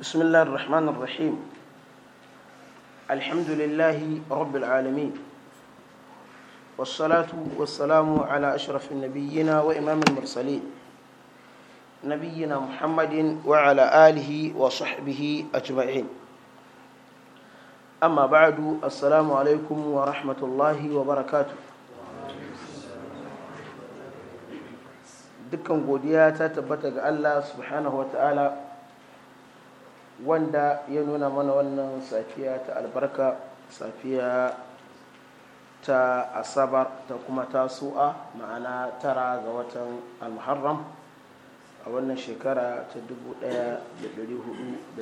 بسم الله الرحمن الرحيم الحمد لله رب العالمين والصلاة والسلام على أشرف النبيين وإمام المرسلين نبينا محمد وعلى آله وصحبه أجمعين أما بعد السلام عليكم ورحمة الله وبركاته dukkan godiya ta tabbata ga Allah subhanahu wa ta'ala wanda ya nuna mana wannan safiya ta albarka safiya ta asabar ta kuma ta su'a ma'ana tara ga watan almuharram a wannan shekara ta 1439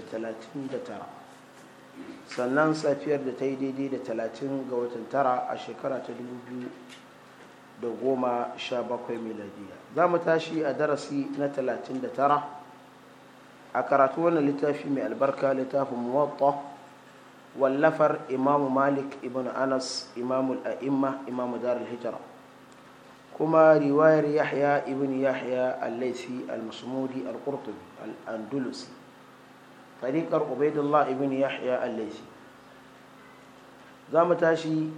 sannan safiyar da ta yi daidai da talatin ga watan tara a shekara ta 2017 miladiya za mu tashi a darasi na 39 a karatu wannan littafi mai albarka littafin muwatta wallafar imamu malik ibn anas imamu al'imma imamu darul hijira kuma riwayar yahya ibn yahya al-laisi al-masmudi al-qurtubi al-andalusi tariqar ubaidullah ibn yahya al-laisi za mu tashi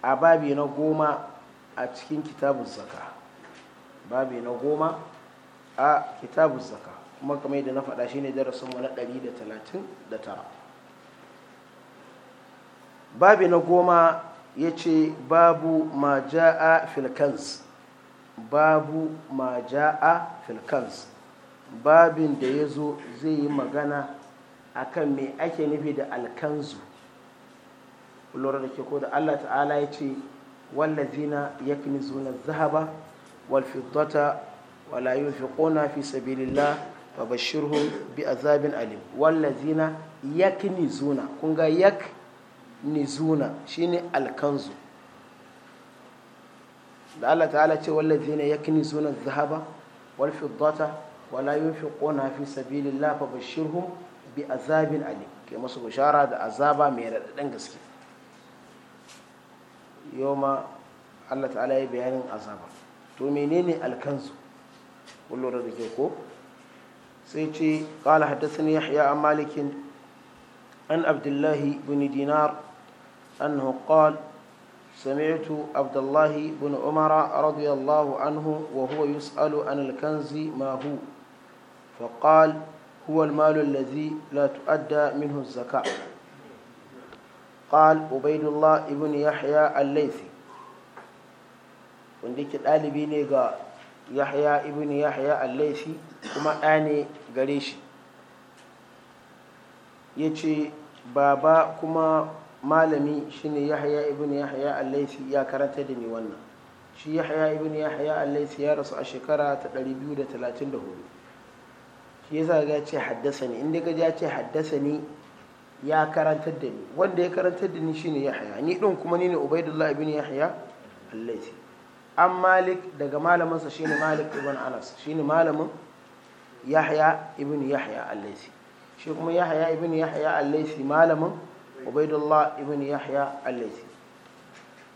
a babi na goma a cikin kitabun zaka babi na goma a kitabun kuma kamar yadda na faɗa shine darasinmu na 139 babi na goma ya ce babu ma ja'a filkans babu ma ja'a filkans babin da ya zo zai yi magana akan mai ake nufi da alkanzu lura da ke ko da allah ta'ala ya ce wallazina yaknizuna zahaba wal fiddata wala yunfiquna fi sabilillah fa bashirhum bi azabin alim wallazina yaknizuna kun ga yak nizuna shine alkanzu da Allah ta'ala ce wallazina yaknizuna zahaba wal fiddata wala yunfiquna fi sabilillah fa bashirhum bi azabin alim masu bishara da azaba mai raɗaɗin gaske yau ma Allah ta'ala ya bayanin azaba to menene alkanzu kullum da ke ko sai ce kala haddasani yahya a malikin an abdullahi bin dinar an hukal sami'tu abdullahi bin umara radiyallahu anhu wa huwa yus'alu an alkanzi ma hu faqal huwa almal allazi la minhu zaka قال عبيد الله ابن يحيى الليثي وندي ga ني يحيى ابن يحيى kuma ɗa ne gare shi ya ce baba kuma malami shine yahya ibn yahya al-laisi ya karanta da ni wannan shi yahya ibn yahya al-laisi ya rasu a shekara ta 234 shi ya ga ce haddasa ne inda gaji ya ce haddasa ne ya karanta da ni wanda ya karanta da ni shine yahya ni din kuma ni ne ubaidullah ibn yahya al-laisi an malik daga malaminsa shine malik ibn anas shine malamin yahya ibn yahya al-laisi shi kuma yahya ibn yahya al-laisi malamin ubaidullah ibn yahya al-laisi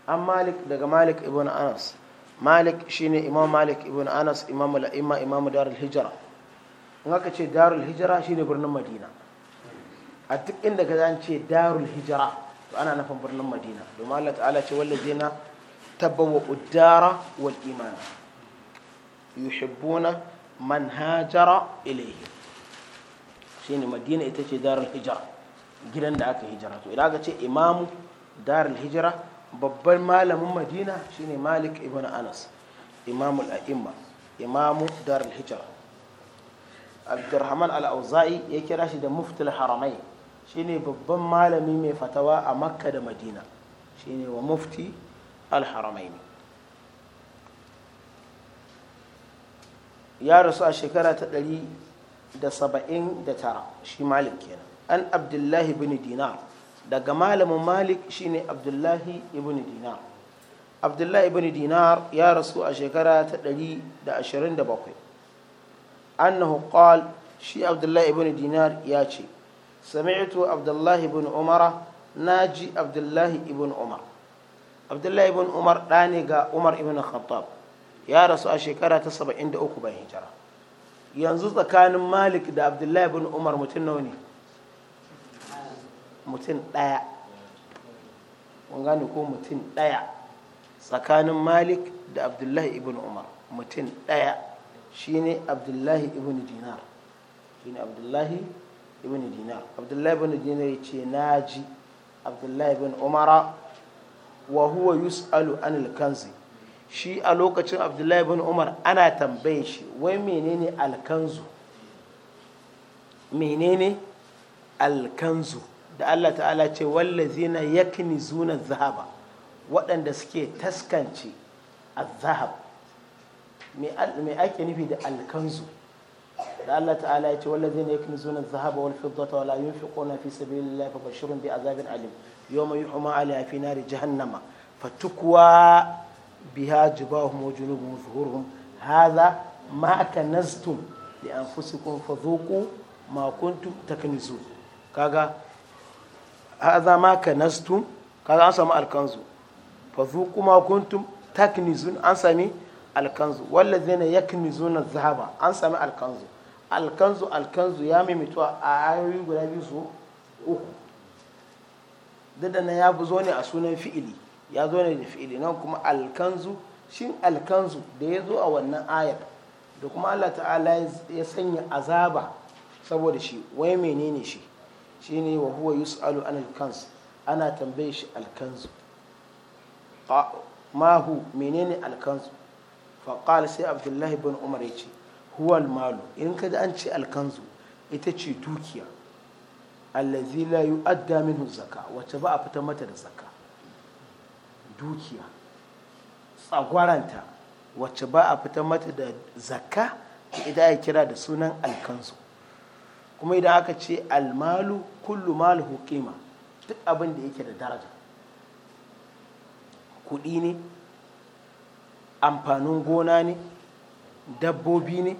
an malik daga malik ibn anas malik shine imam malik ibn anas imam al-a'imma imam darul hijra in aka ce darul hijra shine birnin madina a duk inda ka zan ce darul hijra to ana nufin birnin madina domin Allah ta'ala ce wallazina tabawwa udara wal imana yuhibbuna man hajara ilaihi shine madina ita ce darul hijira gidan da aka hijira to idan aka ce imamu darul hijira babban malamin madina shine malik ibn anas imamul a'imma imamu darul hijira abdurrahman al-auza'i ya kira shi da muftul haramai shine babban malami mai fatawa a makka da madina shine wa mufti al-haramaini ya rasu a shekara ta ɗari da saba'in da tara shi malik kenan an abdullahi ibn dinar daga malamin malik shine abdullahi ibn dinar abdullahi ibn dinar ya rasu a shekara ta ɗari da ashirin da bakwai annahu qal shi abdullahi ibn dinar ya ce sami'tu abdullahi ibn umara naji abdullahi ibn umar abdullahi ibn umar ɗane ga umar ibn khattab ya rasu a shekara ta 73 bayan hijira yanzu tsakanin malik da abdullahi bin umar mutum nawa ne mutum ɗaya mun gane ko mutum ɗaya tsakanin malik da abdullahi ibn umar mutum ɗaya shine abdullahi ibn dinar shine abdullahi ibn dinar abdullahi ibn dinar ya ce na ji abdullahi ibn umara wa huwa yus'alu anil kanzi shi a lokacin abdullahi bin umar ana tambaye shi wai menene alkanzu menene alkanzu da allah ta'ala ce wallazina yakini zuna zahaba waɗanda suke taskance a zahab. me ake nufi da alkanzu da Allah ta'ala ya ce wallazina yaknizuna adh-dhahaba wal fiddata wa la yunfiquna fi sabilillahi fabashshirhum bi'adhabin alim yawma yuhma 'alayha fi nari jahannama fatukwa biha jibahum wa junubuhum zuhuruhum hadha ma kanaztum li anfusikum fadhuqu ma kuntum taknizun kaga hadha ma kanaztum kaga an samu alkanzu fadhuqu ma kuntum taknizun an sami alkanzu wallazina yaknizuna dhahaba an sami alkanzu alkanzu alkanzu ya maimaito a ayoyi guda biyu su uku dadana ya ne a sunan fi'ili ya zo ne da fi'ili nan kuma alkanzu shin alkanzu da ya zo a wannan ayar da kuma Allah ta'ala ya sanya azaba saboda shi wai menene shi ne wa huwa yus'alu an alkanz ana tambaye shi alkanzu mahu menene alkanzu faƙal sai abdullahi bin umar ya ce huwal malu in ka an ce alkanzu ita ce dukiya allazi la yu'adda minhu zaka wacce ba a fita mata da zaka dukiya tsagwaranta wacce ba a fita mata da zakka idan ya kira da sunan alkansu kuma idan aka ce almalu kullu malu hukima duk abin da yake da daraja kuɗi ne amfanin gona ne dabbobi ne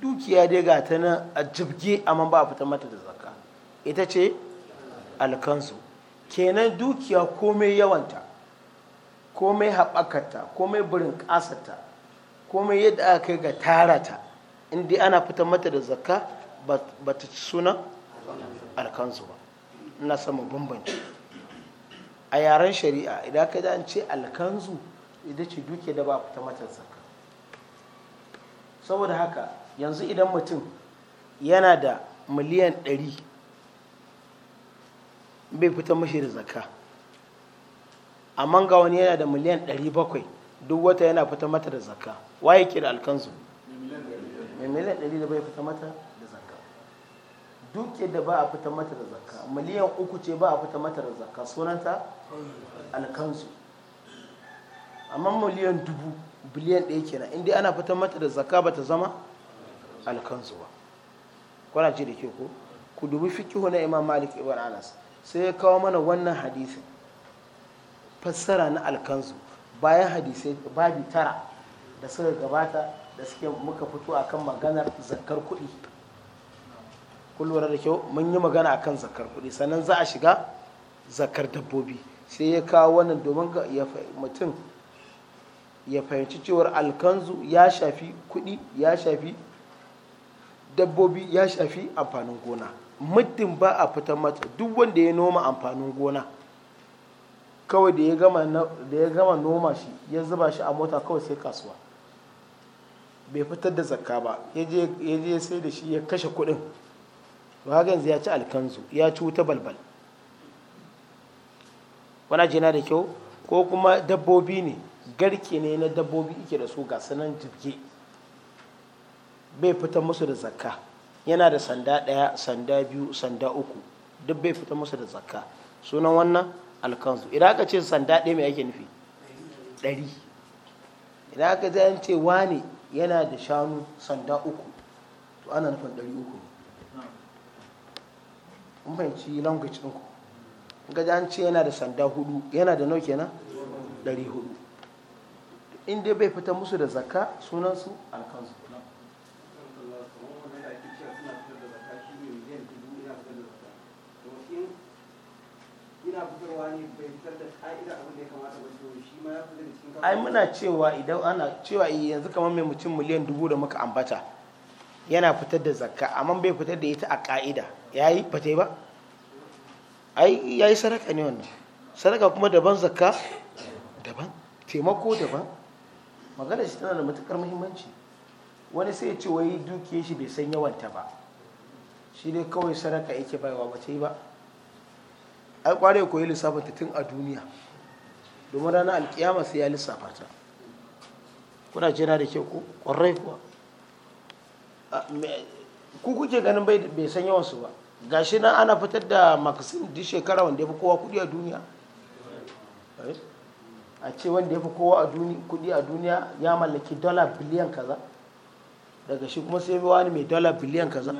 dukiya dai ga ta nan a jibge amma ba a fita mata da zakka ita ce alkansu kenan dukiya komai yawanta komai haɓakata komai burin ƙasata komai yadda aka kai ga tarata inda ana fitar mata da zakka ba ta ci sunan alkansu ba ina sama bambanci a yaren shari'a idan ka da an ce alkanzu idan ce duke da ba a fita mata zakka saboda haka yanzu idan mutum yana da miliyan 100 bai fita mashi da zakka amma ga wani yana da miliyan 700 duk wata yana fita mata da zakka waye ke da alkanzu mai miliyan 700 da bai fita mata da zakka duk da ba a fita mata da zakka miliyan uku ce ba a fita mata da zakka sunanta alkanzu amma miliyan dubu biliyan ɗaya kenan indai ana fita mata da zakka ba ta zama alkanzu ba kwanaci da ke ko ku dubi fikihu na imam malik ibn anas sai ya kawo mana wannan hadisin fassara na alkanzu bayan hadisai babi tara da suka gabata da suke muka fito akan maganar zakar kuɗi kullum da kyau mun yi magana akan zakar kuɗi sannan za a shiga zakar dabbobi sai ya kawo wannan domin mutum ya fahimci cewar alkanzu ya shafi kuɗi ya shafi dabbobi ya shafi amfanin gona muddin ba a fitar mata duk wanda ya noma amfanin gona kawai da ya gama noma shi ya zuba shi a mota kawai sai kasuwa bai fitar da zakka ba ya je sai da shi ya kashe kuɗin to haka yanzu ya ci alkanzu ya ci wuta balbal wana jina da kyau ko kuma dabbobi ne garke ne na dabbobi ike da su ga nan jirgi bai fita musu da zakka yana da sanda ɗaya sanda biyu sanda uku duk bai fita musu da zakka sunan wannan alkansu idan aka ce sanda ɗaya mai ake nufi ɗari idan aka ce an ce wani yana da shanu sanda uku to ana nufin ɗari uku ne in fahimci language ɗinku in ka an ce yana da sanda hudu yana da nauke na ɗari hudu inda bai fita musu da zakka sunansu alkansu fitarwa ne bai fitar da ka'ida abin da ya kamata ba to shi ma ya fitar da cikin ai muna cewa idan ana cewa eh, yanzu kamar mai mutum miliyan dubu da muka ambata yana fitar da zakka amma bai fitar da ita a ka'ida yayi ba ta yi ba ai yayi sadaka ne wannan sadaka kuma daban zakka daban taimako daban magana shi tana da matukar muhimmanci wani sai ya ce wai dukiyar shi bai san yawanta ba shi dai kawai sadaka yake baiwa ba ta yi ba ai kware koyi lissafa ta tun a duniya domin ranar alkiyama sai ya lissafa ta kuna jira da ke kwarai kuwa ku kuke ganin bai san yawansu ba gashi nan ana fitar da makasin duk shekara wanda ya fi kowa kudi a duniya eh? a ce wanda ya fi kowa kudi a duniya ya mallaki dala biliyan kaza daga shi kuma sai wani mai dala biliyan kaza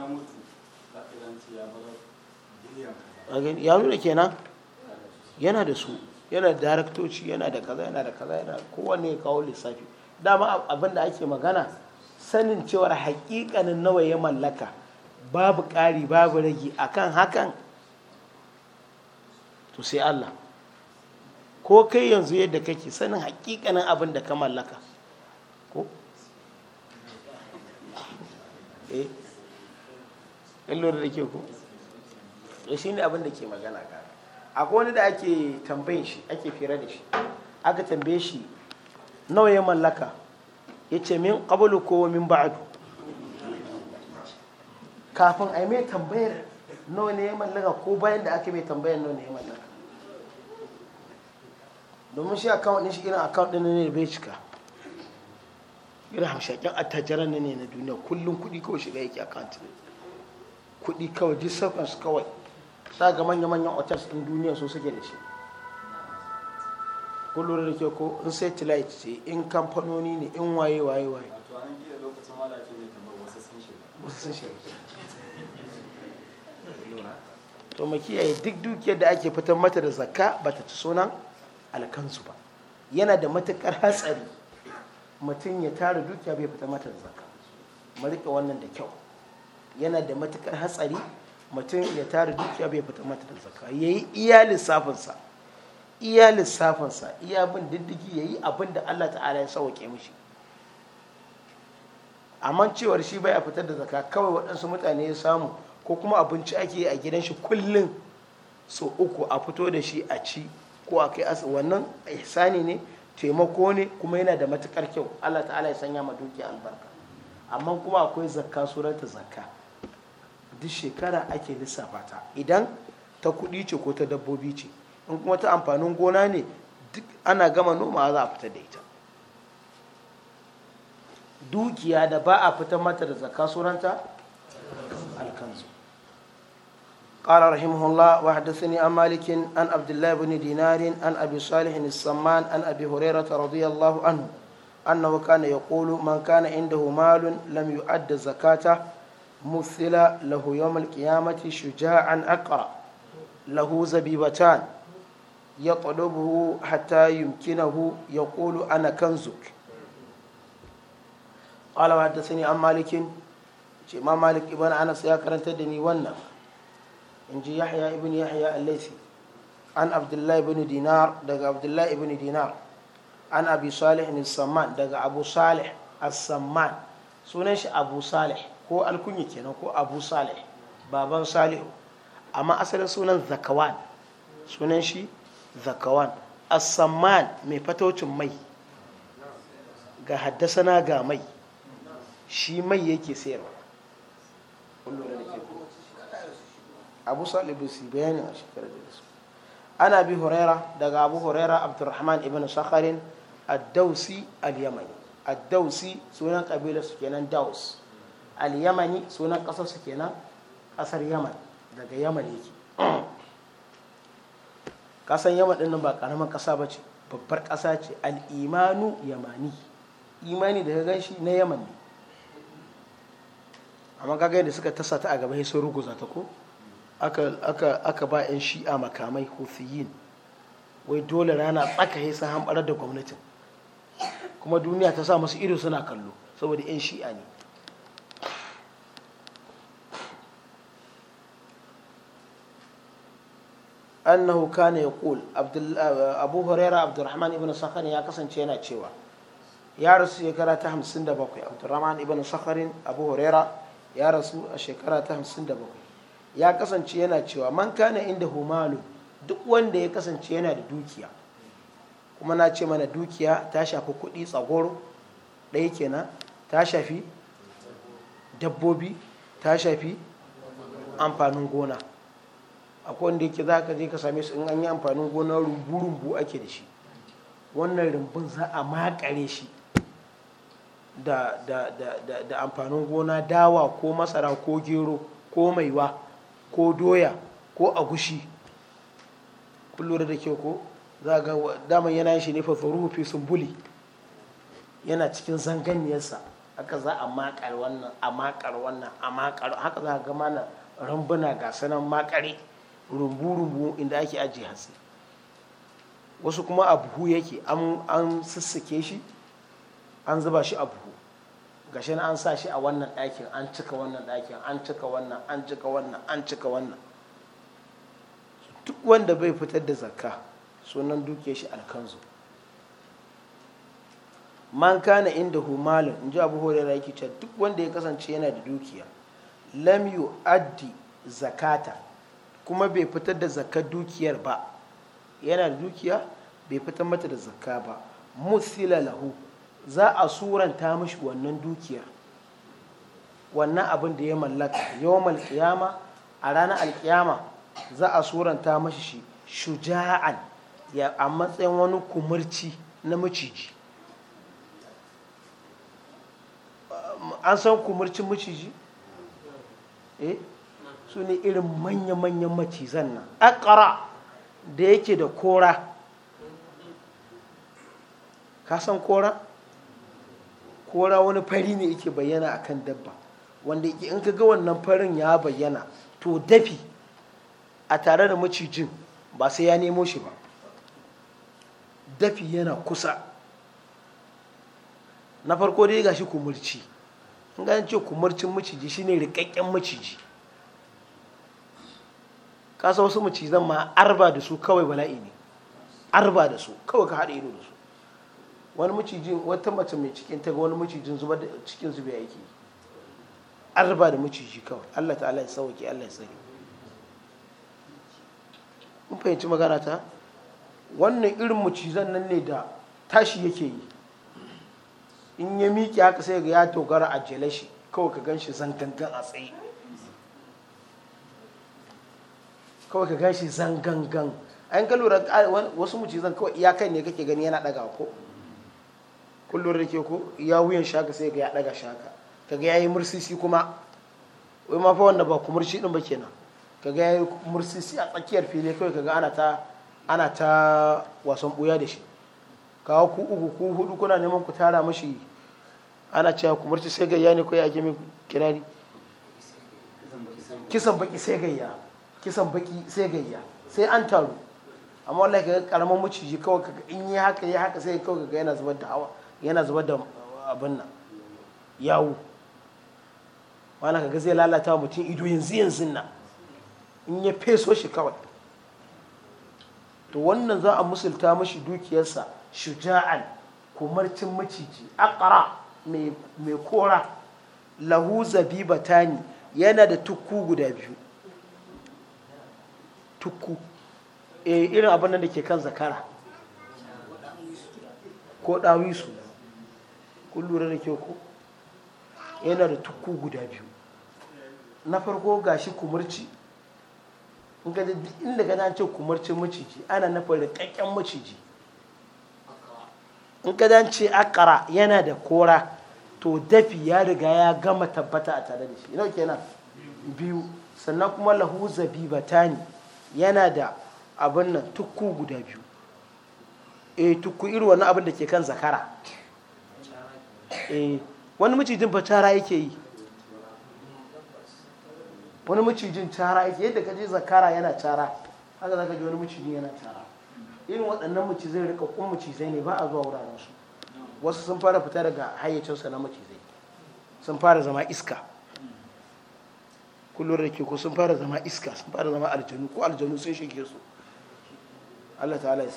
ya nuna kenan yana da su yana da daraktoci yana da kaza yana da kaza yana kowanne ya kawo lissafi dama abin da ake magana sanin cewar hakikanin nawa ya mallaka babu ƙari babu ragi akan hakan to sai Allah ko kai yanzu yadda kake sanin hakikanin abin da ka mallaka ko eh da ke ko to shi ne abin da ke magana ka akwai wani da ake tambayin shi ake fira da shi aka tambaye shi nawa ya mallaka ya ce min qablu ko min ba'adu, kafin a yi mai tambayar nawa ne ya mallaka ko bayan da aka mai tambayar nawa ne ya mallaka domin shi akawun ɗin shi irin akawun ɗin ne bai cika irin hamshakin attajiran ne na duniya kullum kuɗi kawai shiga yake account ne kuɗi kawai duk su kawai sa ga manya-manyan hotels ɗin duniya su suke da shi kullum da ke ko in satellite ce in kamfanoni ne in waye waye waye to mu kiyaye duk dukiyar da ake fitar mata da zakka ba ta ci sunan alkansu ba yana da matukar hatsari mutum ya tara dukiya bai fitar mata da zakka mu rika wannan da kyau yana da matukar hatsari mutum ya tara dukiya bai fita mata da zaka ya yi iya lissafinsa iya lissafinsa iya bin diddigi ya yi abin da Allah ta'ala ya sauke mishi amma cewar shi bai fitar da zaka kawai waɗansu mutane ya samu ko kuma abinci ake yi a gidan shi kullum so uku a fito da shi a ci ko a kai asu wannan ihsani ne taimako ne kuma yana da matukar kyau Allah ta'ala ya sanya ma dukiya albarka amma kuma akwai zakka surata zakka duk shekara ake lissafa ta idan ta kuɗi ce ko ta dabbobi ce in kuma ta amfanin gona ne duk ana gama noma za a fita da ita dukiya da ba a fita mata da zakka sunanta alkanzu قال رحمه الله وحدثني عن مالك عن عبد الله بن دينار عن ابي صالح السمان عن ابي هريره رضي الله عنه انه كان يقول من كان عنده مال لم يؤد زكاته مثل له يوم القيامة شجاعا أقرأ له زبيبتان يطلبه حتى يمكنه يقول أنا كنزك قال وحدثني عن مالك ما مالك ابن أنس يا كرنت دني ونف إن جي يحيى ابن يحيى الليثي عن عبد الله بن دينار دق عبد الله بن دينار عن أبي صالح السمان دق أبو صالح السمان سنش أبو صالح ko alkunyi kenan ko abu salih baban salihu amma asalin sunan zakawan sunan shi zakawan asamman mai fatocin mai ga haddasana ga mai shi mai yake sayarwa abu salibu su bayanin a shekarar da su ana bi huraira daga abu huraira abdurrahman ibn sakharin addausi al-yamani addausi sunan kabilar su kenan daus al-yamani sunan su kenan ƙasar yaman daga yaman yake ƙasar yaman ɗin ba ƙaramin kasa ba babbar ƙasa ce al-imanu yamani imani da gan shi na yaman ne amma kaga da suka tasa ta a gaba sun ruguza ta ko aka ba 'yan shi'a makamai hufiyin wai dole rana tsaka sun hamɓarar da gwamnatin kuma duniya ta sa masu ido suna kallo saboda 'yan shi'a ne annahu kana yaqul abu huraira abdurrahman ibn sakhar ya kasance yana cewa ya rasu shekara ta 57 abdurrahman ibn sakharin abu huraira ya rasu a shekara ta 57 ya kasance yana cewa man kana inda humalu duk wanda ya kasance yana da dukiya kuma na ce mana dukiya ta shafi kuɗi tsagoro ɗaya kenan ta shafi dabbobi ta shafi amfanin gona akwai wanda yake za ka je ka same su in an yi amfanin gona rumbu-rumbu ake da shi wannan rumbun za a makare shi da, amfanin gona dawa ko masara ko gero ko maiwa ko doya ko agushi kullum da kyau ko za ga daman yana shi ne fafaru fi sumbuli yana cikin zanganiyarsa haka za a makar wannan a makar wannan a makar haka za a ga mana rambuna ga sanan makare rumbu-rumbu inda ake ajiye hatsi wasu kuma a buhu yake an sassake shi an zuba shi a buhu gashi an sa shi a wannan ɗakin an cika wannan ɗakin an cika wannan an cika wannan an cika wannan duk wanda bai fitar da zakka sunan duke shi alkanzu man kana inda humalin in ji abu horiyar yake cewa duk wanda ya kasance yana da dukiya lam yu addi zakata kuma bai fitar da zakar dukiyar ba yana da dukiya bai fitar mata da zakka ba musila lahu za a suranta mashi wannan dukiyar wannan abin da ya mallaka yawon alkiyama a ranar alkiyama za a suranta mashi shi shuja'an ya a matsayin wani kumurci na maciji an san kumurcin maciji eh su ne irin manya-manyan macizan nan akara da yake da kora ka kora kora wani fari ne yake bayyana akan dabba wanda in ka ga wannan farin ya bayyana to dafi a tare da macijin ba sai ya nemo shi ba dafi yana kusa na farko dai gashi kumurci in ganin ce kumurcin maciji shine rikakken maciji kasa wasu macizan ma arba da su kawai bala'i ne arba da su kawai ka haɗe ido da su wani macijin wata mace mai cikin ta ga wani macijin zuba da cikin zuba yake arba da maciji kawai Allah ta'ala ya sauke Allah ya sani. mun fahimci magana ta wannan irin macizan nan ne da tashi yake yi in ya miƙe haka sai ga ya dogara a jele shi kawai ka gan shi zangangan a tsaye kawai ka gan shi zangangan an ka lura wasu mucizan kawai ya kai ne kake gani yana daga ko kullum da ke ko ya wuyan shaka sai ga ya daga shaka kaga ya yi mursisi kuma wai ma fa wanda ba ku murshi din ba kenan kaga ya yi mursisi a tsakiyar fili kawai ga ana ta ana ta wasan buya da shi kawo ku uku ku hudu kuna neman ku tara mashi ana cewa ku murci sai gayya ne ko ya ake min kirari kisan baki sai gayya kisan baki sai gayya sai an taru amma wallahi ka karamin maciji kawai kaga in yi haka yi haka sai kawai kaga yana zubar da hawa yana zubar da abin nan yawo wala kaga zai lalata mutum ido yanzu yanzu nan in ya feso shi kawai to wannan za a musulta mashi dukiyarsa shuja'an kumarcin maciji akara mai kora lahu zabibatani yana da tukku guda biyu tukku e irin abin nan da ke kan zakara ko ɗawisu kun lura da ke ko yana da tukku guda biyu na farko gashi kumurci in ka inda ka ce kumarcin maciji ana na ƙaƙƙen maciji in ka ce akara yana da kora to dafi ya riga ya gama tabbata a tare da shi ina kenan biyu sannan kuma lahu batani. yana da abin nan tukku guda biyu eh tukku iri wani abin da ke kan zakara e wani macijin fa cara yake yi wani macijin cara yake yadda ka zakara yana cara haka zaka ji wani macijin yana cara irin waɗannan macizai rika kun macizai ne ba a zuwa wuraren su wasu sun fara fita daga hayyacinsa na macizai sun fara zama iska kullum da ke ko sun fara zama iska sun fara zama aljanu ko aljanu sun shige su Allah ta'ala ya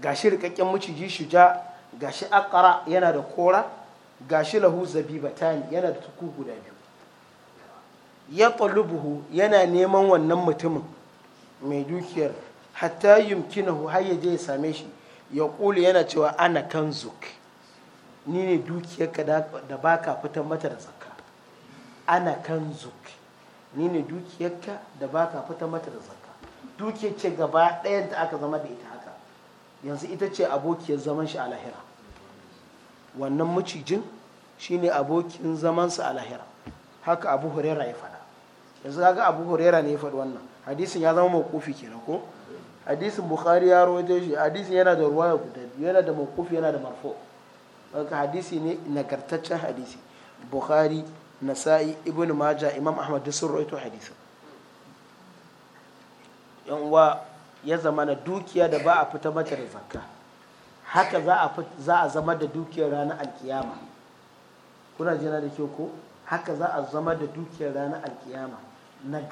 Ga gashi rikakken maciji shuja gashi akara yana da kora gashi lahu batani yana da tuku guda biyu ya Buhu yana neman wannan mutumin mai dukiyar hatta yumkinahu har ya je ya same shi ya kuli yana cewa ana zuk ni ne dukiyarka da baka fitan mata da ana kan zuk ni ne dukiyarka da baka fita mata da zakka dukiyar ce gaba ɗayan ta aka zama da ita haka yanzu ita ce abokiyar zaman shi a lahira wannan macijin shine abokin zamansa a lahira haka abu hurera ya faɗa yanzu kaga abu hurera ne ya faɗi wannan hadisin ya zama mawqufi kenan ko hadisin bukhari ya rawaito shi hadisin yana da ruwaya guda yana da mawqufi yana da marfo haka hadisi ne nagartaccen hadisi bukhari nasa'i ibn maja imam ahmad duk sun rawaito hadisin yan uwa ya zama na dukiya da ba a fita mata da zakka haka za a zama da dukiyar ranar alkiyama kuna jina da kyau ko haka za a zama da dukiyar ranar alkiyama na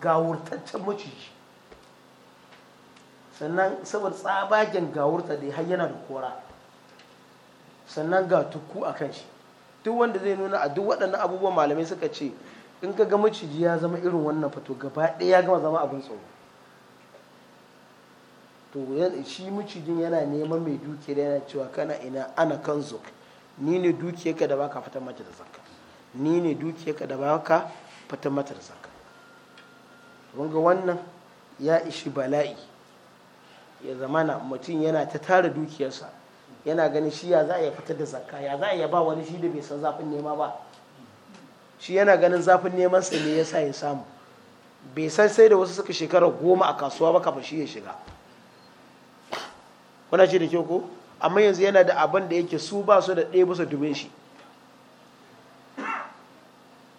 gawurtaccen maciji sannan saboda tsabagen gawurta da har yana da kora sannan ga tukku a kan shi duk wanda zai nuna a duk waɗannan abubuwan malamai suka ce in ka ga maciji ya zama irin wannan fato gaba ɗaya ya gama zama abin tsoro to shi macijin yana neman mai da yana cewa kana ina ana kan zuk ni ne dukiyarka da baka fitar mata da zakka ni ne dukiyarka da baka fitar mata da zakka ga wannan ya ishi bala'i ya zamana mutum yana ta tara dukiyarsa yana ganin shi ya za a fitar da zakka ya za a ba wani shi da bai san zafin nema ba shi yana ganin zafin neman sa ne ya sa ya samu bai san sai da wasu suka shekara goma a kasuwa ba kafin shi ya shiga kuna ce da kyau ko amma yanzu yana da abin da yake su ba su da ɗaya busa dubin shi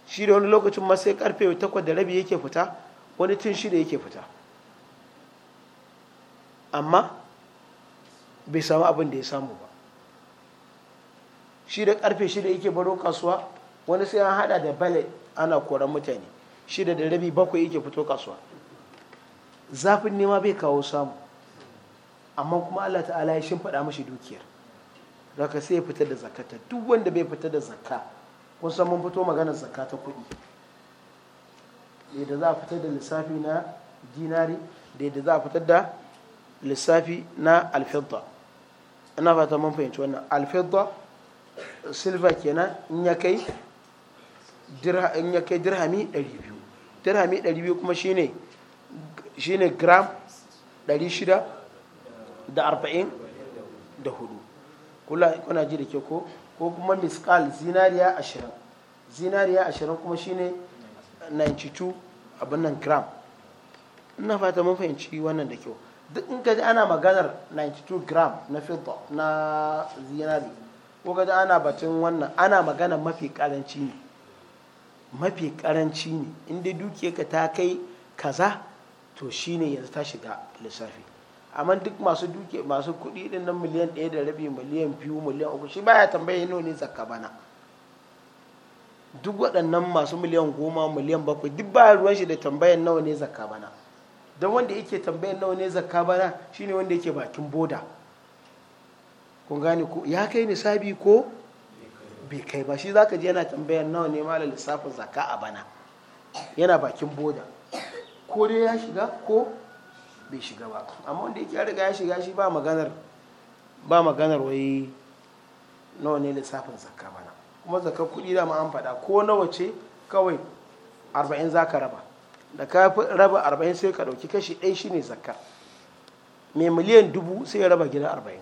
shi da wani lokacin ma sai karfe takwas da rabi yake fita wani tun shida yake fita amma bai samu abin da ya samu ba shi da karfe shida yake baro kasuwa wani sai an hada da bale ana koran mutane shida da rabi bakwai yake fito kasuwa zafin nema bai kawo samu amma kuma allah ta'ala ya shimfiɗa mashi dukiyar zaka sai ya fitar da zakata duk wanda bai fitar da zakka kun san mun fito maganar zakka ta kuɗi da yadda za a fitar da lissafi na dinari da yadda za a fitar da lissafi na alfidda ina fata mun fahimci wannan alfidda silva kenan in ya kai in ya kai dirhami 200 dirhami 200 kuma shine shine gram 600 da 40 da 4 kula kuna ji da ke ko ko kuma miskal zinariya 20 zinariya 20 kuma shine 92 abin nan gram ina fata mun fahimci wannan da kyau duk in ka ana maganar 92 gram na fito na zinari ko ka ana batun wannan ana magana mafi karanci ne mafi karanci ne inda ka ta kai kaza to shine yanzu ta shiga lissafi amma duk masu duke masu kuɗi din nan miliyan ɗaya da rabi miliyan biyu miliyan uku shi baya tambaye nawa ne zakka bana duk waɗannan masu miliyan goma miliyan bakwai duk baya ruwan shi da tambayan nawa ne zakka bana don wanda yake tambayar nawa ne zakka bana shine wanda yake bakin boda kun gane ko ya kai nisabi ko bai kai ba shi zaka je yana tambayar nawa ne malam lissafin zakka a bana yana bakin boda ko dai ya shiga ko bai shiga ba amma wanda yake riga ya shiga shi ba maganar ba maganar wai nawa ne lissafin zakka bana kuma zakka kuɗi da ma an faɗa ko nawa ce kawai arba'in za ka raba da ka raba arba'in sai ka ɗauki kashi ɗaya shine zakka mai miliyan dubu sai ya raba gida arba'in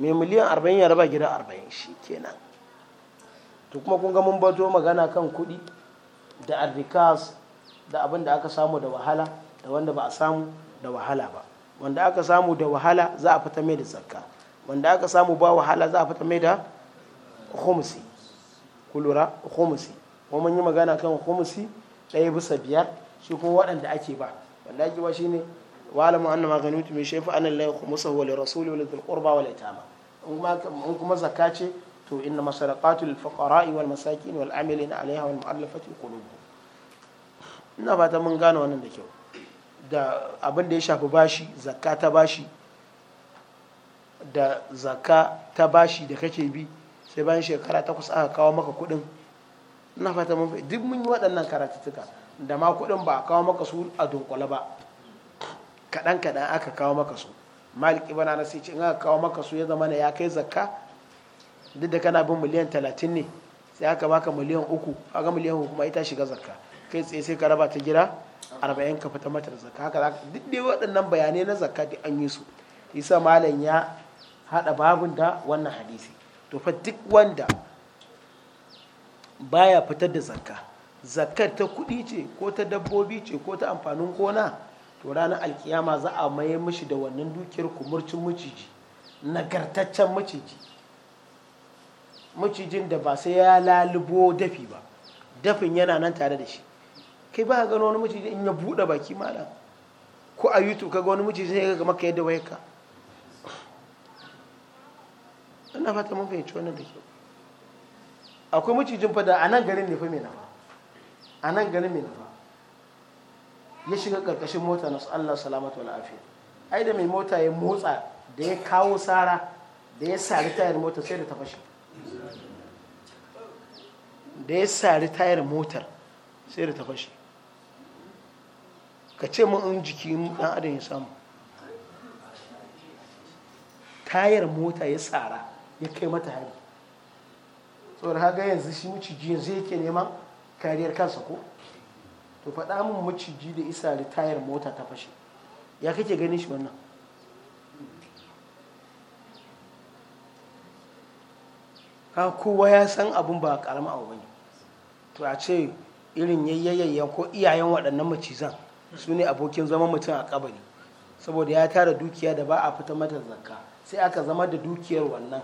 mai miliyan arba'in ya raba gida arba'in shi kenan to kuma kun ga mun bato magana kan kuɗi da arrikas da abin da aka samu da wahala da wanda ba a samu da wahala ba wanda aka samu da wahala za a fita mai da zakka wanda aka samu ba wahala za a fita mai da khumsi kulura khumsi kuma mun yi magana kan khumsi ɗaya bisa biyar shi ko waɗanda ake ba wanda ake ba shi ne wa'alamu anna ma ganitu mai shaifu an lillahi khumsuhu wa lirrasuli wa lidhil qurba wa in kuma zakka ce to inna masadaqatu lil fuqara'i wal masakin wal amilina 'alayha wal mu'allafati qulub ina fata mun gane wannan da kyau da abin da ya shafi bashi zakka ta bashi da zakka ta bashi da kake bi sai bayan shekara takwas aka kawo maka kuɗin ina fata mun duk mun yi waɗannan karatuttuka da ma kuɗin ba a kawo maka su a dunkule ba kaɗan kaɗan aka kawo maka su malik ibn na sai ce in aka kawo maka su ya zama ya kai zakka duk da kana bin miliyan talatin ne sai aka baka miliyan uku aka miliyan uku ita shiga zakka kai tsaye sai ka raba ta gida arba'in ka fita mata da zakka haka duk dai waɗannan bayanai na zakka da an yi su yasa malam ya haɗa babun da wannan hadisi to fa duk wanda baya fitar da zakka zakkar ta kuɗi ce ko ta dabbobi ce ko ta amfanin gona to ranar alkiyama za a maye mishi da wannan dukiyar kumurcin maciji nagartaccen maciji macijin da ba sai ya lalubo dafi ba dafin yana nan tare da shi kai ba gano wani maciji in ya buɗe baki malam ko a youtube kaga wani maciji sai ga maka yadda wayarka ina fata mun fahimci wannan da kyau akwai macijin fada a nan garin ne fa mai nafa a nan garin mai nafa ya shiga karkashin mota na Allah salamatu wa lafiya ai da mai mota ya motsa da ya kawo sara da ya sari tayar mota sai da ta fashe da ya sari tayar motar sai da ta fashe ka ce mu in jiki dan adam ya samu tayar mota ya sara ya kai mata hari saboda haga yanzu shi maciji yanzu yake neman kariyar kansa ko to faɗa min maciji da isa ritayar mota ta fashe ya kake ganin shi wannan ka kowa ya san abin ba karama abu bane to a ce irin yayyayya ko iyayen waɗannan macizan su ne abokin zaman mutum a kabari saboda ya tara dukiya da ba a fita mata zakka sai aka zama da dukiyar wannan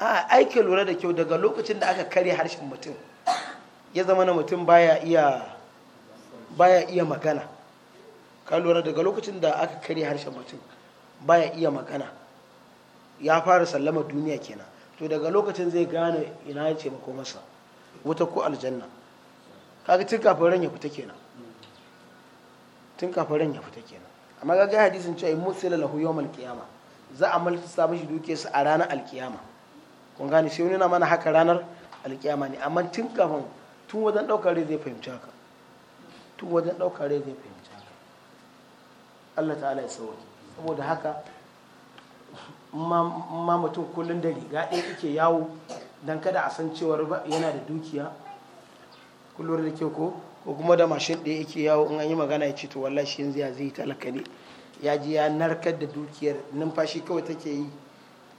a aiki lura da kyau daga lokacin da aka kare harshen mutum ya zama na mutum baya iya magana ka lura daga lokacin da aka kare harshen mutum baya iya magana ya fara sallama duniya kenan to daga lokacin zai gane ina ya ce mako masa wata ko aljanna kaga tun kafin ran ya fita kenan tun kafin ran ya fita kenan amma ga hadisin cewa mutsila lahu yawmal alkiyama za a malta mishi duke su a ranar alkiyama kun gane sai wani na mana haka ranar alkiyama ne amma tun kafin tun wajen daukar rai zai fahimci haka tun wajen daukar rai zai fahimci haka Allah ta'ala ya sauke saboda haka ma mutum kullum da riga ɗaya yake yawo don kada a san cewar yana da dukiya kullum da ke ko ko kuma da mashin ɗaya yake yawo in an yi magana ya ce to wallahi shi yanzu ya zai talaka ne ya ji ya narkar da dukiyar numfashi kawai take yi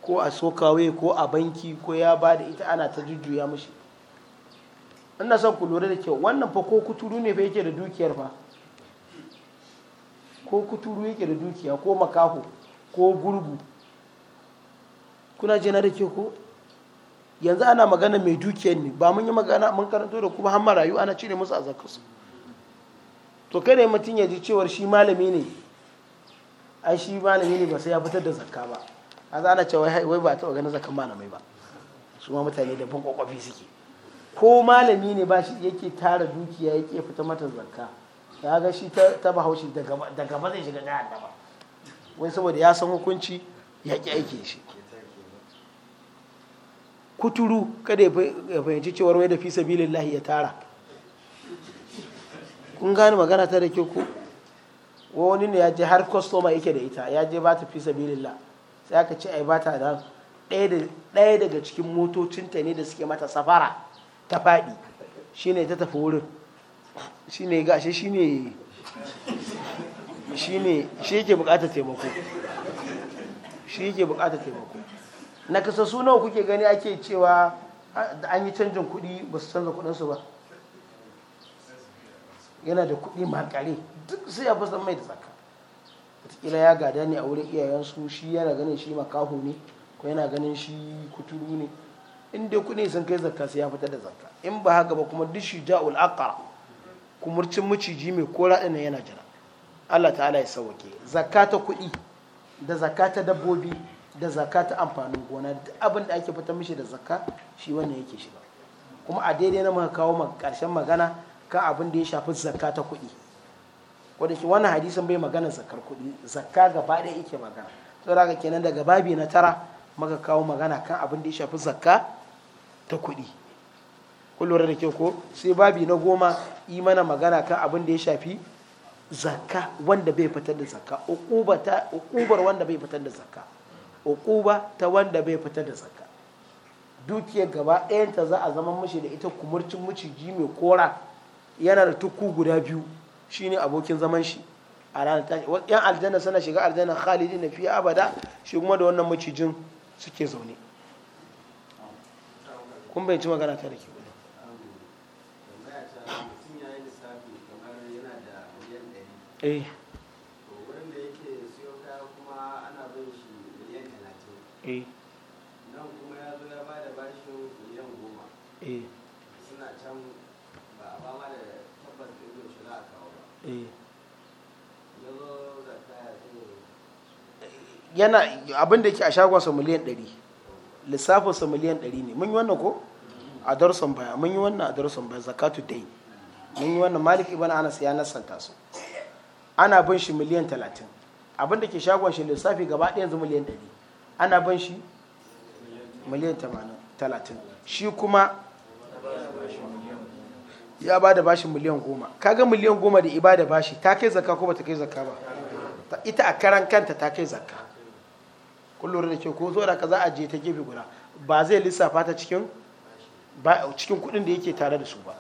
ko a sokawe ko a banki ko ya ba da ita ana ta jujjuya In ina son ku lura da kyau wannan fa ko kuturu ne fa yake da dukiyar fa ko kuturu yake da dukiya ko makaho ko gurgu kuna jina da ke ko yanzu ana magana mai dukiyar ne ba mun yi magana mun karanto da kuma har rayu ana cire musu azakarsu to kada mutum ya ji cewar shi malami ne ai shi malami ne ba sai ya fitar da zaka ba a zana cewa wai ba taɓa ganin zakkan malamai ba su ma mutane da kwakwafi suke ko malami ne ba shi yake tara dukiya yake fita mata zakka ya ga shi ta bahaushe da gaba zai shiga hannu ba wai saboda ya san hukunci ya ƙi aikin shi kuturu kada ya fahimci cewar wai da fi lahi ya tara kun gane magana ta da ke ku wani ne ya je har kwastoma yake da ita ya je ba ta fi la sai aka ce ai ba ta da ɗaya daga cikin motocinta ne da suke mata safara ta faɗi ne ta tafi wurin shi ne gashe shi shi ne shi ke bukata taimako shi ke bukata taimako na kasa su nawa kuke gani ake cewa da an yi canjin kuɗi ba su canza kuɗinsu ba yana da kuɗi makare duk sai ya fasa mai da tsaka wataƙila ya gada ne a wurin iyayensu shi yana ganin shi makahu ne ko yana ganin shi kuturu ne in dai kuɗi sun kai zakka sai ya fitar da zakka in ba haka ba kuma duk ja'ul ulaka kumurcin maciji mai kora ɗin yana jira Allah ta'ala ya sauke zakka ta kuɗi da zakka ta dabbobi da zakka ta amfanin gona duk abin da ake fitar mishi da zaka shi wannan yake shiga kuma a daidai na muka kawo karshen magana kan abin da ya shafi zakka ta kuɗi ko wannan hadisin bai magana zakkar kuɗi zakka gaba ɗaya yake magana saboda ga kenan daga babi na tara muka kawo magana kan abin da ya shafi zakka ta kuɗi kun da kyau ko sai babi na goma yi mana magana kan abin da ya shafi zakka wanda bai fitar da zakka ukubar wanda bai fitar da zaka. uquba ta wanda bai fita da tsaka dukiyar gaba ɗayanta za a zama mashi da ita kumurcin maciji mai kora yana da tukku guda biyu shine abokin zaman shi a ranar tashi yan aljanna suna shiga aljanna khalidi na fiye abada shi kuma da wannan macijin suke zaune kun bayanci magana ta da ke wani Eh. nan kuma ya zo ya ba da bashin miliyan goma eh. suna can ba a ba da tabbas da shi za a kawo ba eh. ya zo yana abin da yake a shagonsa miliyan ɗari lissafinsa miliyan ɗari ne mun yi wannan ko a darussan baya mun yi wannan a darussan baya zakatu dai mun yi wannan malik ibn anas ya nasanta su ana bin shi miliyan talatin abin da ke shagon shi lissafi gaba ɗaya yanzu miliyan ɗari ana ban shi miliyan 30 shi kuma ya ba da bashi miliyan goma kaga miliyan goma da ibada bashi ta kai zakka ko ba ta kai zakka ba ita a karan kanta ta kai zakka kullum da ke ko zo da ka za a je ta gefe guda ba zai lissafa ta cikin cikin kuɗin da yake tare da su ba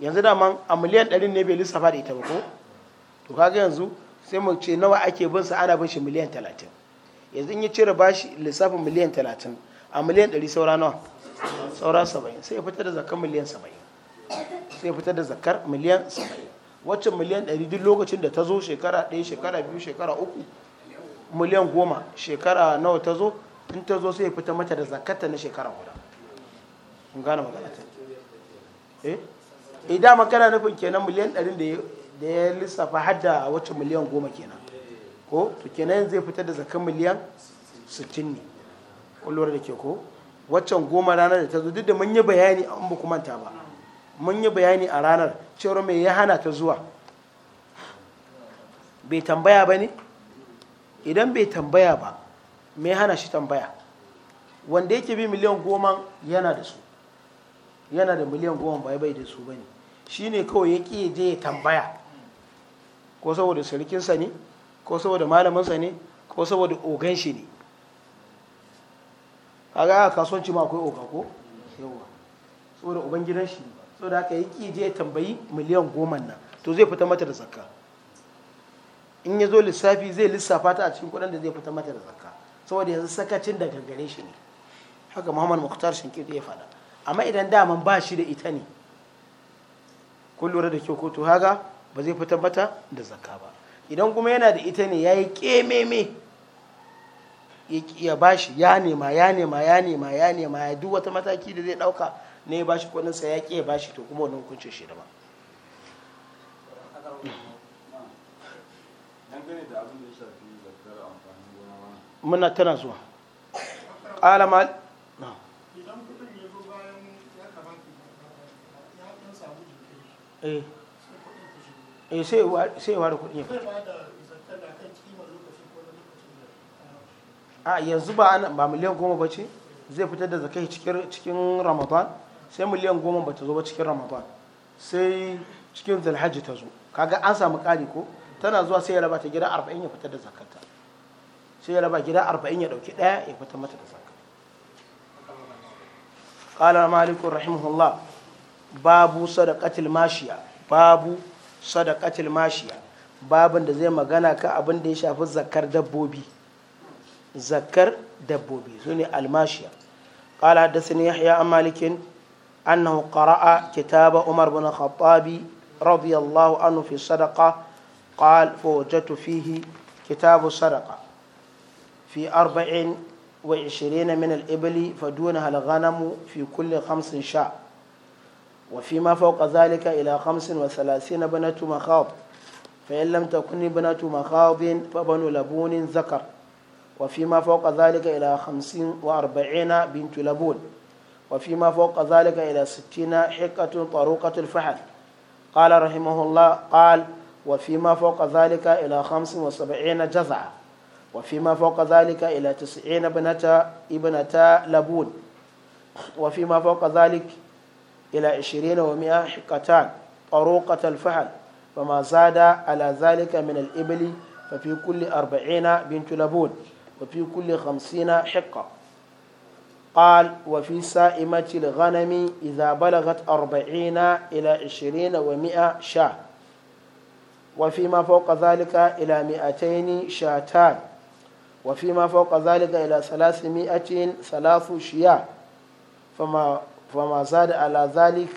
yanzu daman a miliyan ɗari ne bai lissafa da ita ba ko to kaga yanzu sai mu ce nawa ake bin sa ana bin shi miliyan talatin yanzu in ya cire bashi lissafin miliyan talatin a miliyan ɗari saura nawa saura saba'in sai ya fitar da zakar miliyan saba'in sai ya fitar da zakar miliyan saba'in wacce miliyan ɗari duk lokacin da ta zo shekara ɗaya shekara biyu shekara uku miliyan goma shekara nawa ta zo in ta zo sai ya fita mata da zakarta na shekara guda kun gane magana ta eh idan eh, makana nufin kenan miliyan ɗarin da ya lissafa hadda wacce miliyan goma kenan ko to kenan zai fitar da zakan miliyan 60 ne kullum da ke ko waccan goma ranar da ta zo duk da mun yi bayani an ba manta ba mun yi bayani a ranar cewar mai ya hana ta zuwa bai tambaya ba ne idan bai tambaya ba mai hana shi tambaya wanda yake bi miliyan goma yana da su yana da miliyan goma bai bai da su ba ne shi ne kawai ya ƙi je ya tambaya ko saboda sarkinsa ne ko saboda malaminsa ne ko saboda ogan shi ne kaga a kasuwanci ma akwai oga ko yawa saboda uban gidan shi saboda haka yi ki je tambayi miliyan goma nan to zai fita mata da zakka in ya zo lissafi zai lissafa ta a cikin kudin da zai fita mata da zakka saboda yanzu sakacin da gangane shi ne haka muhammad muktar shinkiri ya faɗa amma idan daman ba shi da ita ne kun lura da kyau ko to haga ba zai fita mata da zakka ba idan kuma yana da ita ne ya yi kememe ya bashi ya nema ya nema ya nema ya nema ya duk wata mataki da zai ɗauka ne ya bashi kudinsa ya ke ba bashi to kuma wani hukuncin shi da ba. muna tana zuwa ƙala ma. eh sai ware a yanzu ba miliyan goma ba ce zai fitar da zakai cikin ramadan sai miliyan goma ba ta zo ba cikin ramadan sai cikin zalhaji ta zo kaga an samu kari ko tana zuwa sai ya raba ta gida arba'in ya fitar da zakata sai ya raba gida arba'in ya dauki ɗaya ya fitar mata da zakata قال مالك رحمه الله باب صدقة babu. sadaqatul mashiya babin da zai magana ka abin da ya shafi zakar dabbobi zakar dabbobi sune almashiya qala hadathani yahya malikin. annahu qara'a kitaba umar bin khattabi radiyallahu anhu fi sadaqa qal fawajatu fihi kitabu sadaqa fi 24 min al-ibli fadunaha al fi kulli 5 sha' وفيما فوق ذلك إلى خمس وثلاثين بنة مخاض فإن لم تكن ابنة مخاض فبن لبون ذكر وفيما فوق ذلك إلى خمسين وأربعين بنت لبون وفيما فوق ذلك إلى ستين حكة طروقة الفحل قال رحمه الله قال وفيما فوق ذلك إلى خمس وسبعين جزعة وفيما فوق ذلك إلى تسعين ابنة ابنة لبون وفيما فوق ذلك إلى عشرين ومئة حقتان طروقة الفحل فما زاد على ذلك من الإبل ففي كل أربعين بنت لبون وفي كل خمسين حقة قال وفي سائمة الغنم إذا بلغت أربعين إلى عشرين ومئة شاة وفيما فوق ذلك إلى مئتين شاتان وفيما فوق ذلك إلى ثلاثمائة ثلاث شياه فما فما زاد على ذلك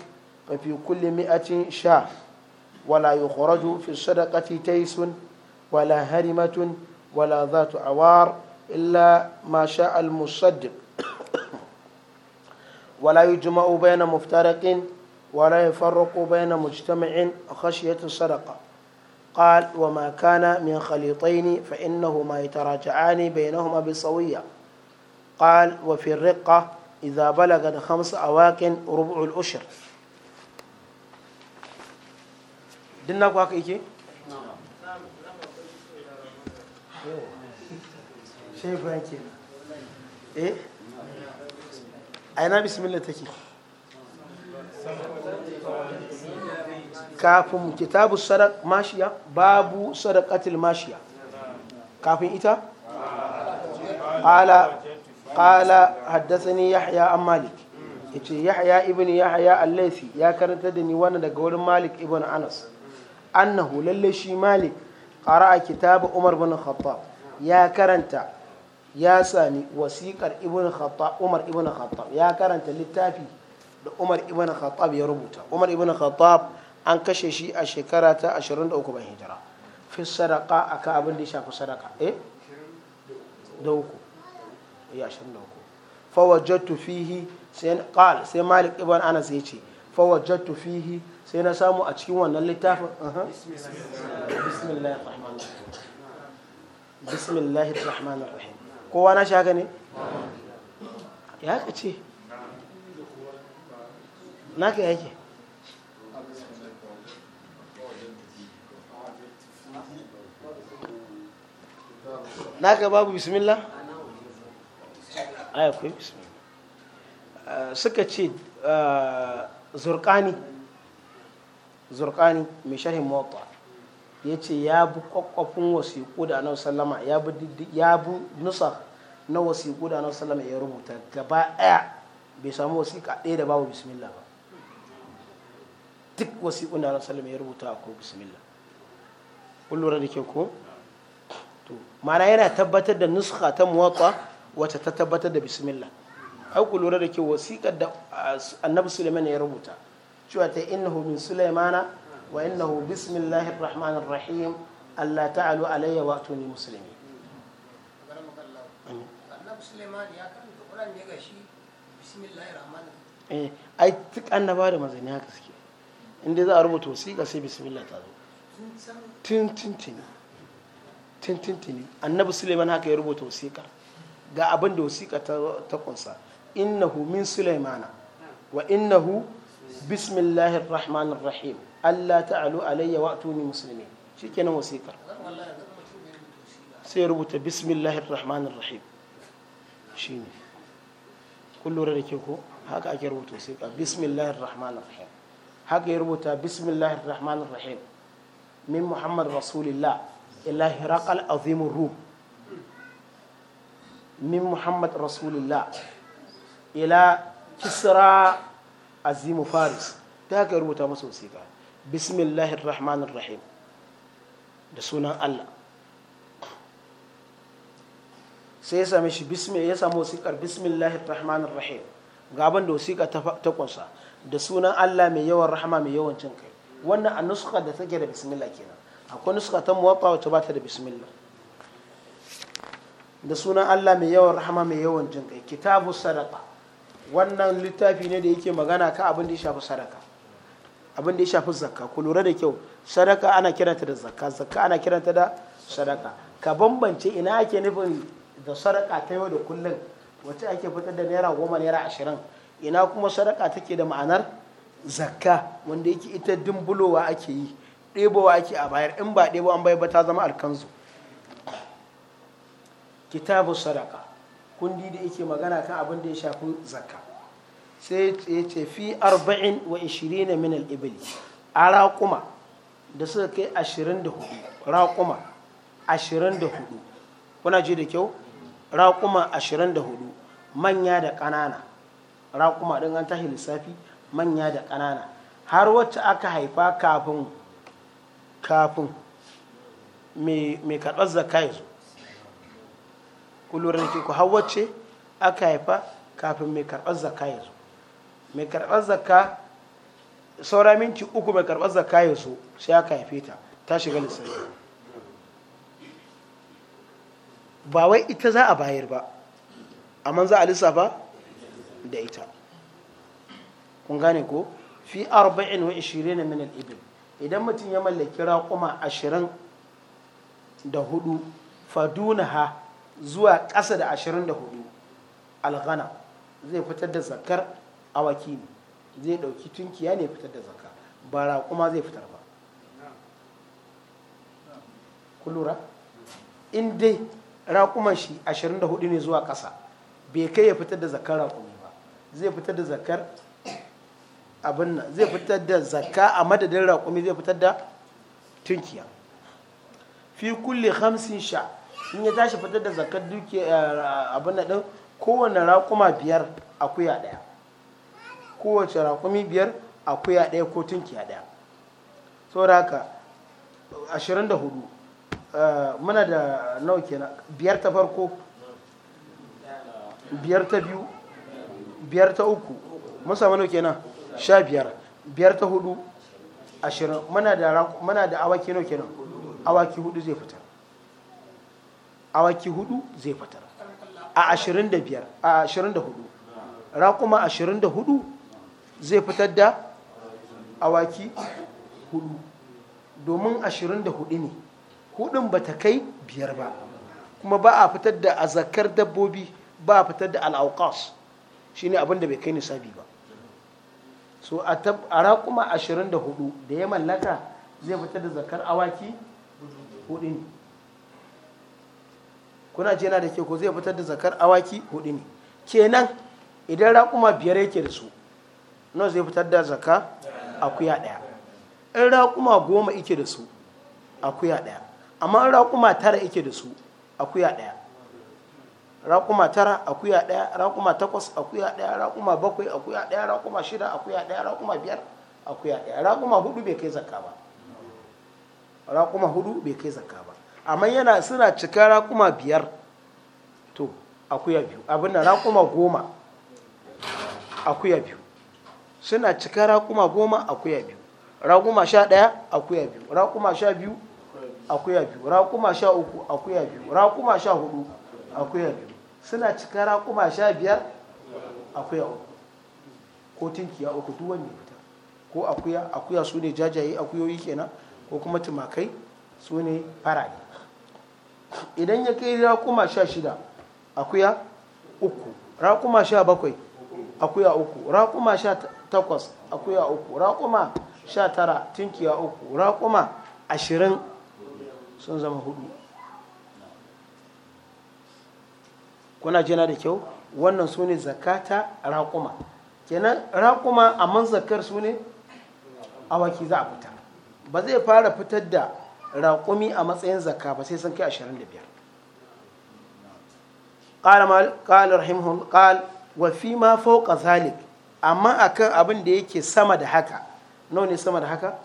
ففي كل مئة شاة ولا يخرج في الصدقة تيس ولا هرمة ولا ذات عوار إلا ما شاء المصدق ولا يجمع بين مفترق ولا يفرق بين مجتمع خشية الصدقة قال وما كان من خليطين فإنهما يتراجعان بينهما بصوية قال وفي الرقة إذا بلغت خمس أواكن ربع الأشر دنا كواك إيكي شيء بانكي إيه أنا بسم الله تكي كافم كتاب sadak ماشية باب sadakatil الماشية كافم إيتا على qala haddathani yahya an malik yace yahya ibn yahya a laythi ya karanta da ni daga wurin malik ibn anas annahu lalle shi malik qara'a kitab umar bin khattab ya karanta ya sami wasikar ibn khattab umar ibn khattab ya karanta littafi da umar ibn khattab ya rubuta umar ibn khattab an kashe shi a shekara ta 23 bayan hijira fi sadaka akan abin da ya shafi sadaka eh da uku ya ashirin da uku fawajattu fihi sai qal sai malik ibn anas ya ce fawajattu fihi sai na samu a cikin wannan littafin uh-huh. bismillahir rahmanir rahim kowa na shaka ne ya ka ce naka yake naka babu bismillah ai akwai eh, suka ce eh, zurkani zurkani mai sharhin mota ya ce ya bi kwakwafin wasiƙu da annabi sallama ya bi nusa na wasiƙu da annabi sallama ya rubuta gaba ɗaya bai samu wasiƙa ɗaya da babu bismillah ba duk wasiƙun da annabi sallama ya rubuta ko bismillah kun lura da ke ko to ma'ana yana tabbatar da nuska ta muwatta wacce ta tabbatar da bismillah ai ku lura da ke wasiƙar da annabi suleiman ya rubuta cewa ta innahu min sulaimana wa innahu bismillahir rahmanir rahim Allah ta'alu alayya wa atuni muslimi eh ai duk annaba da manzanni haka suke inda za a rubuta wasiƙa sai bismillah ta zo tintintini tintintini annabi suleiman haka ya rubuta wasiƙa ga abin da wasiƙa ta kunsa innahu min sulaimana wa innahu bismillahir rahmanir rahim Allah ta'alu alayya wa atuni muslimi shikenan wasiƙar sai rubuta bismillahir rahmanir rahim shine kun lura da ke ko haka ake rubuta wasiƙa bismillahir rahmanir rahim haka ya rubuta bismillahir rahmanir rahim min muhammad rasulillah ilahi raqal azimur ruh min muhammad rasulullah ila kisra azimu faris ta haka rubuta masa wasiƙa bismillahir rahmanir rahim da sunan allah sai ya same shi ya samu wasiƙar bismillahir rahmanir rahim gaban da wasiƙa ta kunsa da sunan allah mai yawan rahama mai yawan cin kai wannan a nuska da take da bismillah kenan akwai nuska ta muwatta wacce ba ta da bismillah da sunan Allah mai yawan rahama mai yawan jin kai kitabu sadaka wannan littafi ne da yake magana ka abin da ya shafi sadaka abin da ya shafi zakka ku lura da kyau sadaka ana kiranta da zakka zakka ana kiranta da sadaka ka bambance ina ake nufin da sadaka ta yau da kullum wacce ake fitar da naira goma naira ashirin ina kuma sadaka take da ma'anar zakka wanda yake ita dimbulowa ake yi ɗebowa ake a bayar in ba ɗebo an bai ba ta zama alkanzu kitabu sadaka kundi da yake magana kan abin da ya shafi zakka sai ya ce fi arba'in wa ishirina min al'ibili a raƙuma da suka kai ashirin da hudu raƙuma ashirin da hudu kuna ji da kyau raƙuma ashirin da hudu manya da ƙanana raƙuma ɗin an tashi lissafi manya da ƙanana har wacce aka haifa kafin mai karɓar zakka ya zo ku lura da ke ku hawace aka haifa kafin mai karɓar zakka ya zo mai karɓar zakka saura minti uku mai karɓar zakka ya zo sai aka haife ta ta shiga lissafi ba wai ita za a bayar ba amma za a lissafa da ita kun gane ko fi arba'in wa ishirin min minal ibil idan mutum ya mallaki raƙuma ashirin da hudu ha. zuwa ƙasa da ashirin da hudu alghana zai fitar da zakar awaki ne zai ɗauki tunkiya ne fitar da zakar ba raƙuma zai fitar ba kulura in dai raƙuman shi ashirin da hudu ne zuwa ƙasa bai kai ya fitar da zakar raƙumi ba zai fitar da zakar abin nan zai fitar da zakka a madadin raƙumi zai fitar da tunkiya fi kulle hamsin sha in ya tashi fitar da zakar duki eh, abin da din kowane rakuma biyar akuya ɗaya kowace rakumi biyar akuya ɗaya ko tunkiya ɗaya da haka ashirin da hudu eh, muna da nawa kenan biyar ta farko biyar ta biyu biyar ta uku musa mana nauke kenan sha biyar biyar ta hudu ashirin muna da awaki nawa kenan awaki hudu zai fitar awaki hudu zai fitar a 25 a 24 raƙuma 24 zai fitar da awaki hudu domin 24 ne hudun ba ta kai biyar ba kuma ba a fitar da azakar dabbobi ba a fitar da al'aukas shi ne abinda bai kai nisabi ba so a raƙuma 24 da ya mallaka zai fitar da zakar awaki hudu ne kuna ce yana da ke ko zai fitar da zakar awaki hudu ne kenan idan raƙuma biyar yake da su nawa zai fitar da zaka akuya ɗaya in raƙuma goma yake da su akuya ɗaya amma in raƙuma tara yake da su akuya ɗaya raƙuma tara akuya ɗaya raƙuma takwas akuya ɗaya raƙuma bakwai akuya ɗaya raƙuma shida akuya ɗaya raƙuma biyar akuya ɗaya raƙuma hudu bai kai zakka ba raƙuma hudu bai kai zakka ba amma yana suna cika raƙuma biyar to akuya biyu abin da raƙuma goma akuya biyu suna cika raƙuma goma akuya biyu raƙuma sha ɗaya akuya biyu raƙuma sha biyu akuya biyu raƙuma sha uku akuya biyu raƙuma sha hudu akuya biyu suna cika raƙuma sha biyar akuya uku ko tinkiya uku duwan ne fita ko akuya akuya su ne jajaye akuyoyi kenan ko kuma tumakai su ne farare idan ya kai raƙuma sha shida akuya uku raƙuma sha bakwai akuya uku raƙuma sha takwas akuya uku raƙuma sha tara tinkiya uku raƙuma ashirin sun zama hudu kuna jina da kyau wannan su ne zakata raƙuma kenan raƙuma a zakar su ne awaki za a fita ba zai fara fitar da raƙumi a matsayin zakka ba sai sun kai ashirin da biyar. 25 قال رحمه قال وفي ma fauƙa ذلك amma akan abin da yake sama da haka nawa ne sama da haka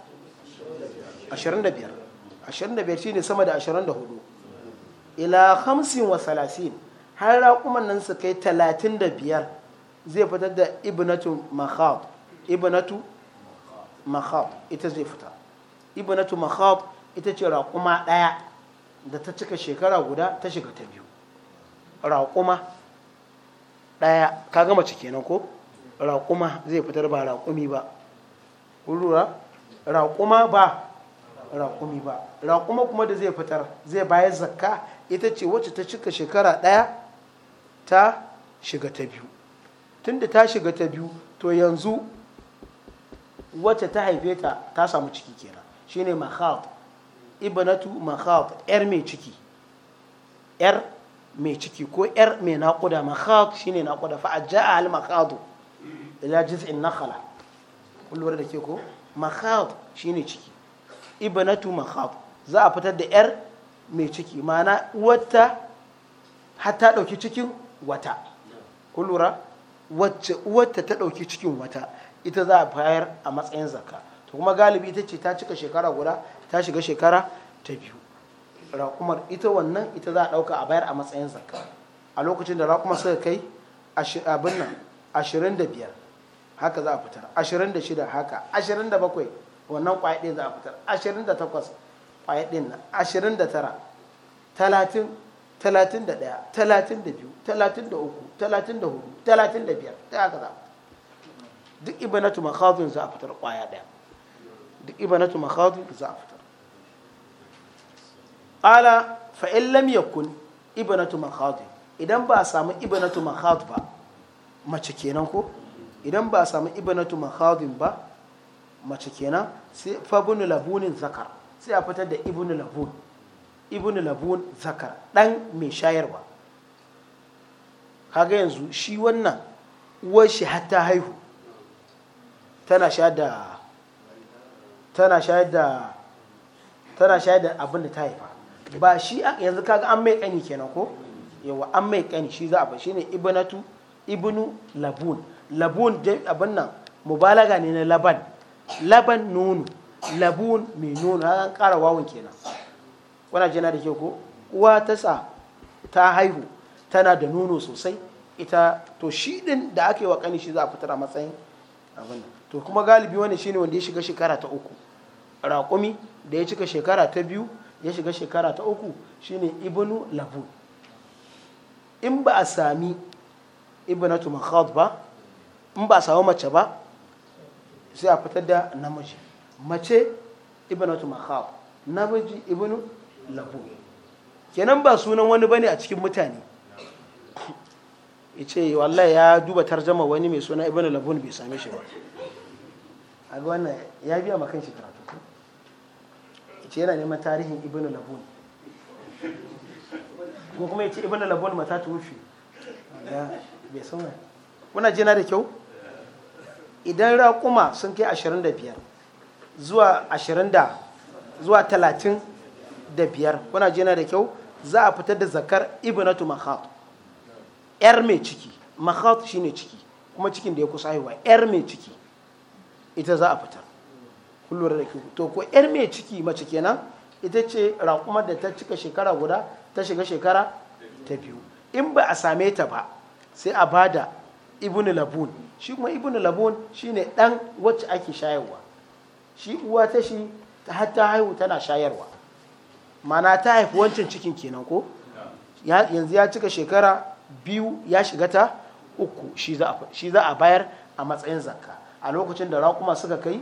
Ashirin Ashirin da da biyar. biyar shi ne sama da ashirin da hudu. ila hamsin wa salasin. har raƙuman nan su kai talatin da biyar. zai fitar da ibnatu makhab ibnatu makhab ita zai fita ibnatu makhab ita ce raƙuma ɗaya da ta cika shekara guda ta shiga ta biyu raƙuma ɗaya ka gama cike kenan ko raƙuma zai fitar ba raƙumi ba ƙurura raƙuma ba raƙumi ba raƙuma kuma da zai fitar zai bayar zakka ita ce wacce ta cika shekara ɗaya ta shiga ta biyu tunda ta shiga ta biyu to yanzu wacce ta haife ta ta samu ciki kenan shine mahab ibnatu makhat yar mai ciki yar mai ciki ko yar mai naƙuda makhat shine naƙuda fa ajaa al makhadu ila jiz'in nakhala kullum da ke ko makhat shine ciki ibnatu makhat za a fitar da yar mai ciki mana uwarta hatta ta ɗauki cikin wata kun lura wacce uwarta ta ɗauki cikin wata ita za a bayar a matsayin zakka to kuma galibi ita ce ta cika shekara guda ta shiga shekara ta biyu raƙumar ita wannan ita za a ɗauka a bayar a matsayin zakka a lokacin da raƙuma suka kai abin nan ashirin da biyar haka za a fitar ashirin da shida haka ashirin da bakwai wannan ƙwaya ɗin za a fitar ashirin da takwas ƙwaya ɗin nan ashirin da tara talatin talatin da ɗaya talatin da biyu talatin da uku talatin da hudu talatin da biyar ta haka za a fitar duk ibanatu makhazun za a fitar ƙwaya ɗaya duk ibanatu makhazun za a fitar قال فإن لم يكن ابنة ibnatu idan ba a samu ibnatu man ba mace kenan ko idan ba a samu ibnatu man ba mace kenan sai labunin zakar sai a fitar da ibnu labun zakar ɗan mai shayarwa kaga yanzu shi wannan uwar shi hatta haihu tana shayar da tana shayar da abin da ta haifa ba shi yanzu kaga an mai kani kenan ko yawa an mai kani shi za a ba shine ibnatu ibnu labun labun abin nan mubalaga ne na laban laban nono labun mai nono an kara wawan kenan wana jina da ke ko uwa ta sa ta haihu tana da nono sosai ita to shi din da aka wa kani shi za a fitar a matsayin abin nan to kuma galibi wani shine wanda ya shiga shekara ta uku raƙumi da ya cika shekara ta biyu ya shiga shekara ta uku shine ibnu labu in ba a sami ibnatu makhad ba in ba a samu mace ba sai a fitar da namiji mace ibnatu makhad namiji ibnu labu kenan ba sunan wani bane a cikin mutane ya ce wallahi ya duba tarjama wani mai suna ibnu labun bai same shi ba a ga wannan ya biya makan shekara ce yana neman tarihin ibn labun ko kuma ya ce ibn labun mata ta wufi bai san kuna jina da kyau idan raƙuma sun kai 25 zuwa 20 zuwa 35 da biyar kuna jina da kyau za a fitar da zakar ibnatu mahat yar mai ciki mahat shine ciki kuma cikin da ya kusa haihuwa yar mai ciki ita za a fitar kullum da ke to ko yar mai ciki mace kenan ita ce raƙumar da ta cika shekara guda ta shiga shekara ta biyu in ba a same ta ba sai a bada ibn labun shi kuma ibn labun shine dan wacce ake shayarwa shi uwa ta shi ta hatta haihu tana shayarwa mana ta haifi wancan cikin kenan ko yanzu ya cika shekara biyu ya shiga ta uku shi za a bayar a matsayin zakka a lokacin da raƙuma suka kai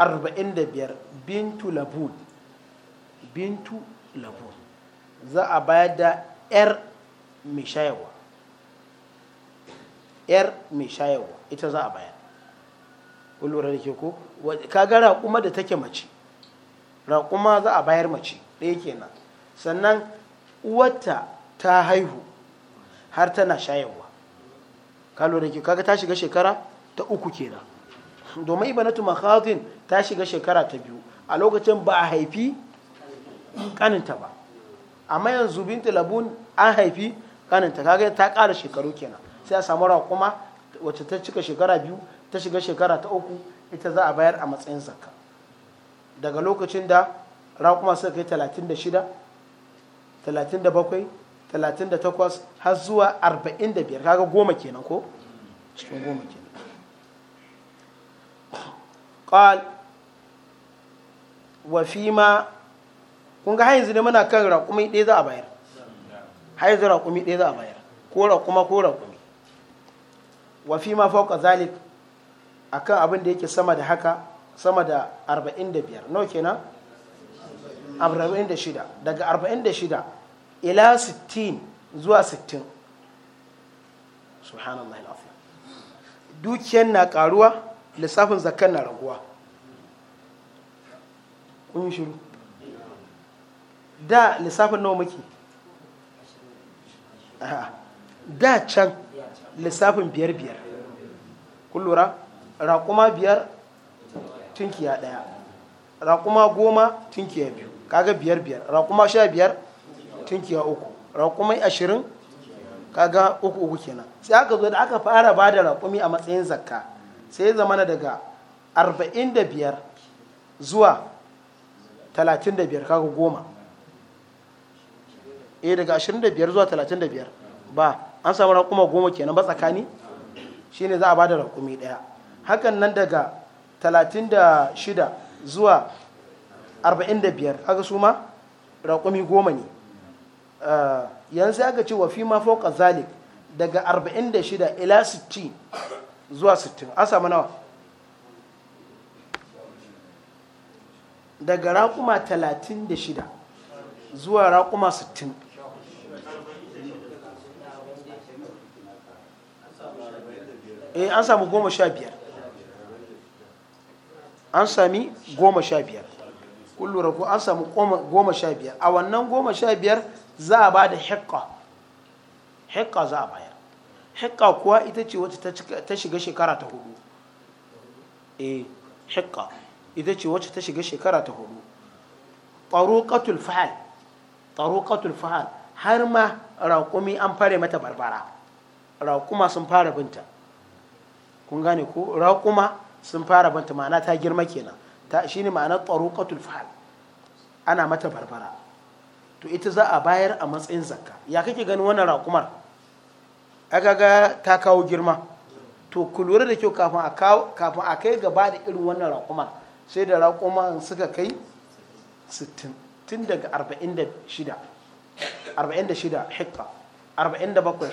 45 bintu labun bintu labun za a bayar da 'yar mai shayarwa 'yar mai shayarwa ita za a bayar lura da ke ko kaga raƙuma da take mace raƙuma za a bayar mace ɗaya kenan sannan uwarta ta haihu har tana shayarwa ka da ke kaga ta shiga shekara ta uku kenan domin ibanatu makhazin ta shiga shekara ta biyu a lokacin ba a haifi kaninta ba amma yanzu binti labun an haifi kaninta kaga ta kara shekaru kenan sai a samu rakuma wacce ta cika shekara biyu ta shiga shekara ta uku ita za a bayar a matsayin zakka daga lokacin da raƙuma suka kai talatin da shida talatin da bakwai talatin da takwas har zuwa arba'in da biyar kaga goma kenan ko cikin goma kenan قال wa kun ga yanzu ne muna kan raƙumi ɗaya za a bayar raƙumi ɗaya za a bayar ko raƙuma ko raƙumi wa fima fauka zalik akan abin da yake sama da haka sama da 45 nawa kenan 46 daga 46 ila 60 zuwa 60 subhanallah dukiyar na ƙaruwa. lissafin zakar na raguwa kun shiru da lissafin nawa muke da can lissafin biyar biyar kun lura raƙuma biyar tunkiya ɗaya raƙuma goma tunkiya biyu kaga biyar biyar raƙuma sha biyar tunkiya uku raƙumai ashirin kaga uku uku kenan sai aka zo da aka fara ba da raƙumi a matsayin zakka sai ya zama daga 45 zuwa 35 kaga goma eh daga 25 zuwa 35 ba an samu rakuma goma kenan ba tsakani shine za a bada rakumi daya hakan nan daga 36 zuwa 45 kaga su ma raƙumi goma ne eh, yanzu aka ce wa fi mafi zalik daga 46 ila zuwa 60 an samu nawa daga raƙuma 36 zuwa raƙuma 60 eh an samu goma sha biyar an sami goma sha biyar kullura ko an samu goma sha biyar a wannan goma sha biyar za a ba da hekka hekka za a baya. hikka kuwa ita ce wacce ta shiga shekara ta hudu eh hikka ita ce wacce ta shiga shekara ta hudu taruqatul fahal taruqatul fahal har ma raƙumi an fara mata barbara raƙuma sun fara binta kun gane ko raƙuma sun fara binta ma'ana ta girma kenan ta ne ma'ana taruqatul fahal ana mata barbara to ita za a bayar a matsayin zakka ya kake ganin wannan raƙumar aka ga ta kawo girma to ku da kyau kafin a kai gaba da irin wannan raƙuma sai da raƙuma suka kai 60 tun daga 46 hekka 47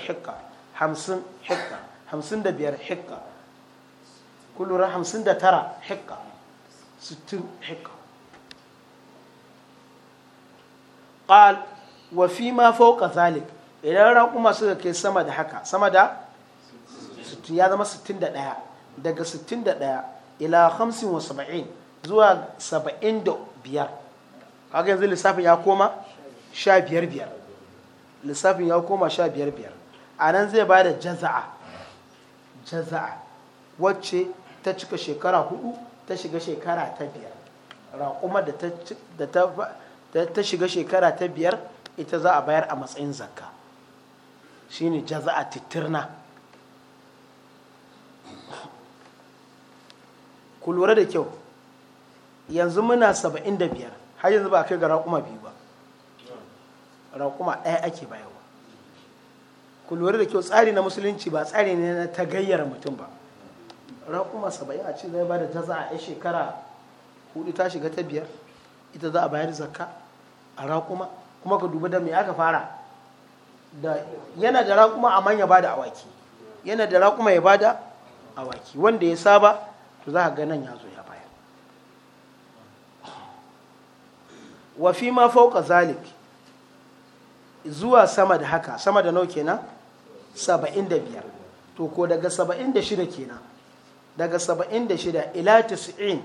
hekka 50 hekka 55 hekka ku 59 hekka 60 hikka قال وفيما فوق ذلك idan raƙuma suka kai sama da haka sama da ya zama 61 daga 61 ila 75 zuwa 75 kaga yanzu lissafin ya koma 15 lissafin ya koma 15 a nan zai ba da jaza'a jaza'a wacce ta cika shekara hudu ta shiga shekara ta biyar raƙuma da ta shiga shekara ta biyar ita za a bayar a matsayin zakka shine jaza'a titirna ku lura da kyau yanzu muna saba'in da biyar har yanzu ba kai ga raƙuma biyu ba raƙuma ɗaya ake bayarwa ku lura da kyau tsari na musulunci ba tsari ne na ta gayyar mutum ba raƙuma saba'in a ce zai ba da jaza'a ya shekara hudu ta shiga ta biyar ita za a bayar zakka a raƙuma kuma ka duba da me aka fara da yana da raƙuma manya ba bada awaki yana da raƙuma ya bada awaki wanda ya saba to za a ga nan ya zo ya bayar wa fi ma fauka zalik zuwa sama da haka sama da nauke na saba'in da biyar to ko daga saba'in da shida kenan daga saba'in da shida ila tasa'in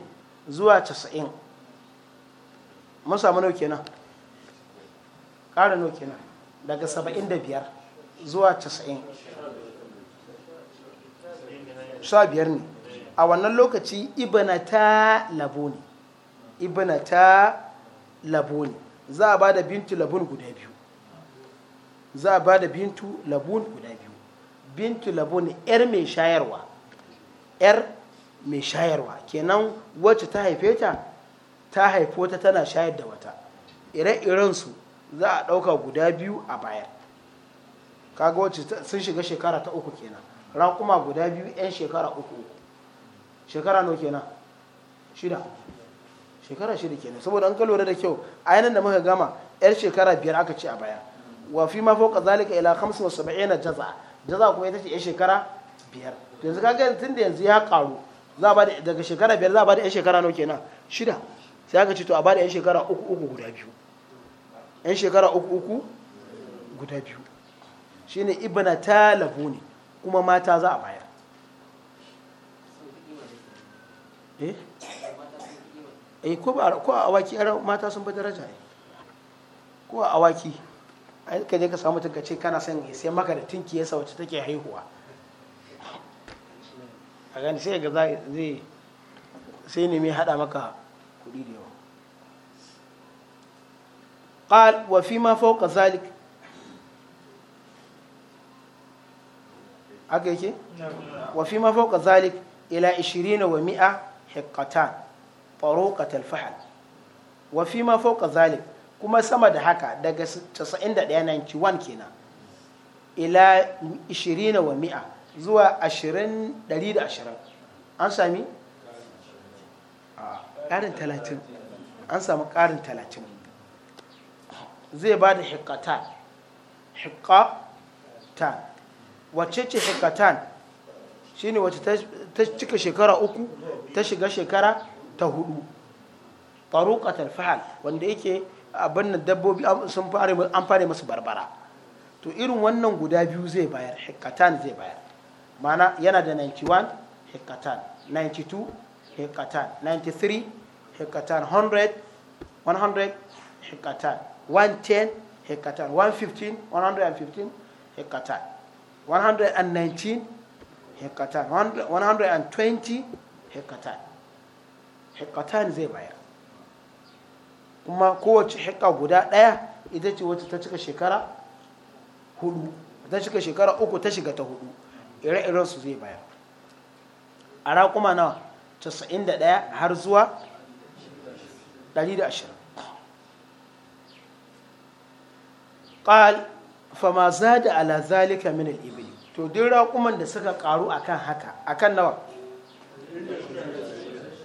zuwa tasa'in mun samu nauke nan. ƙara nauke nan. daga 75 zuwa 90 sha biyar ne a wannan lokaci ibana ta labo ne ibana ta labo za a ba da bintu labun guda biyu za a ba da bintu labun guda biyu bintu Laboni yar mai shayarwa yar mai shayarwa kenan wacce ta haife ta ta haifo ta tana shayar da wata ire-irensu za a ɗauka guda biyu a baya kaga wacce sun shiga shekara ta uku kenan raƙuma guda biyu 'yan shekara uku uku shekara nau kenan shida shekara shida kenan saboda an ka da kyau a yanar da muka gama 'yar shekara biyar aka ce a baya wa fi mafi fauka zalika ila na jaza jaza kuma ita ce 'yan shekara biyar yanzu kaga tun da yanzu ya karu daga shekara biyar za a ba da 'yan shekara nau kenan shida sai aka ce to a ba da 'yan shekara uku uku guda biyu 'yan shekara uku uku guda biyu shi ne ibina talabu ne kuma mata za a bayar eh, eh ko a awaki mata sun fi daraja ne ko a awaki yi kaje ka samu tunka ce kana son sai maka da tinki yasa wacce take haihuwa a gani sai ga zai sai nemi hada maka kuɗi da yawa قال وفيما فوق ذلك أكيد وفيما فوق ذلك إلى عشرين ومئة حقتان طروقة الفحل وفيما فوق ذلك كما سمد حكا دقا تسعين دقيقة 91 كنا إلى عشرين ومئة زوا عشرين دليل عشرين أنسامي آه. قارن ثلاثين an samu ƙarin talatin zai ba da hikatan hikatan wacce ce hikatan ne wace ta cika shekara uku ta shiga shekara ta hudu taruqatul fahal wanda yake abin da dabbobi sun fare an fare masu barbara to irin wannan guda biyu zai bayar hikatan zai bayar mana yana da 91 hikatan 92 hikatan 93 hikatan 100 100 hikatan 110 hectares 115 115 hectares 119 hectares 120 hectares hectares zai bayar kuma kowace hekka guda ɗaya ita ce wata ta cika shekara hudu ta cika shekara uku ta shiga ta hudu ire-iren su zai bayar a raƙuma nawa 91 har zuwa 120 qal fama zada ala zalika min al ibil to duk raƙuman da suka karu akan haka akan nawa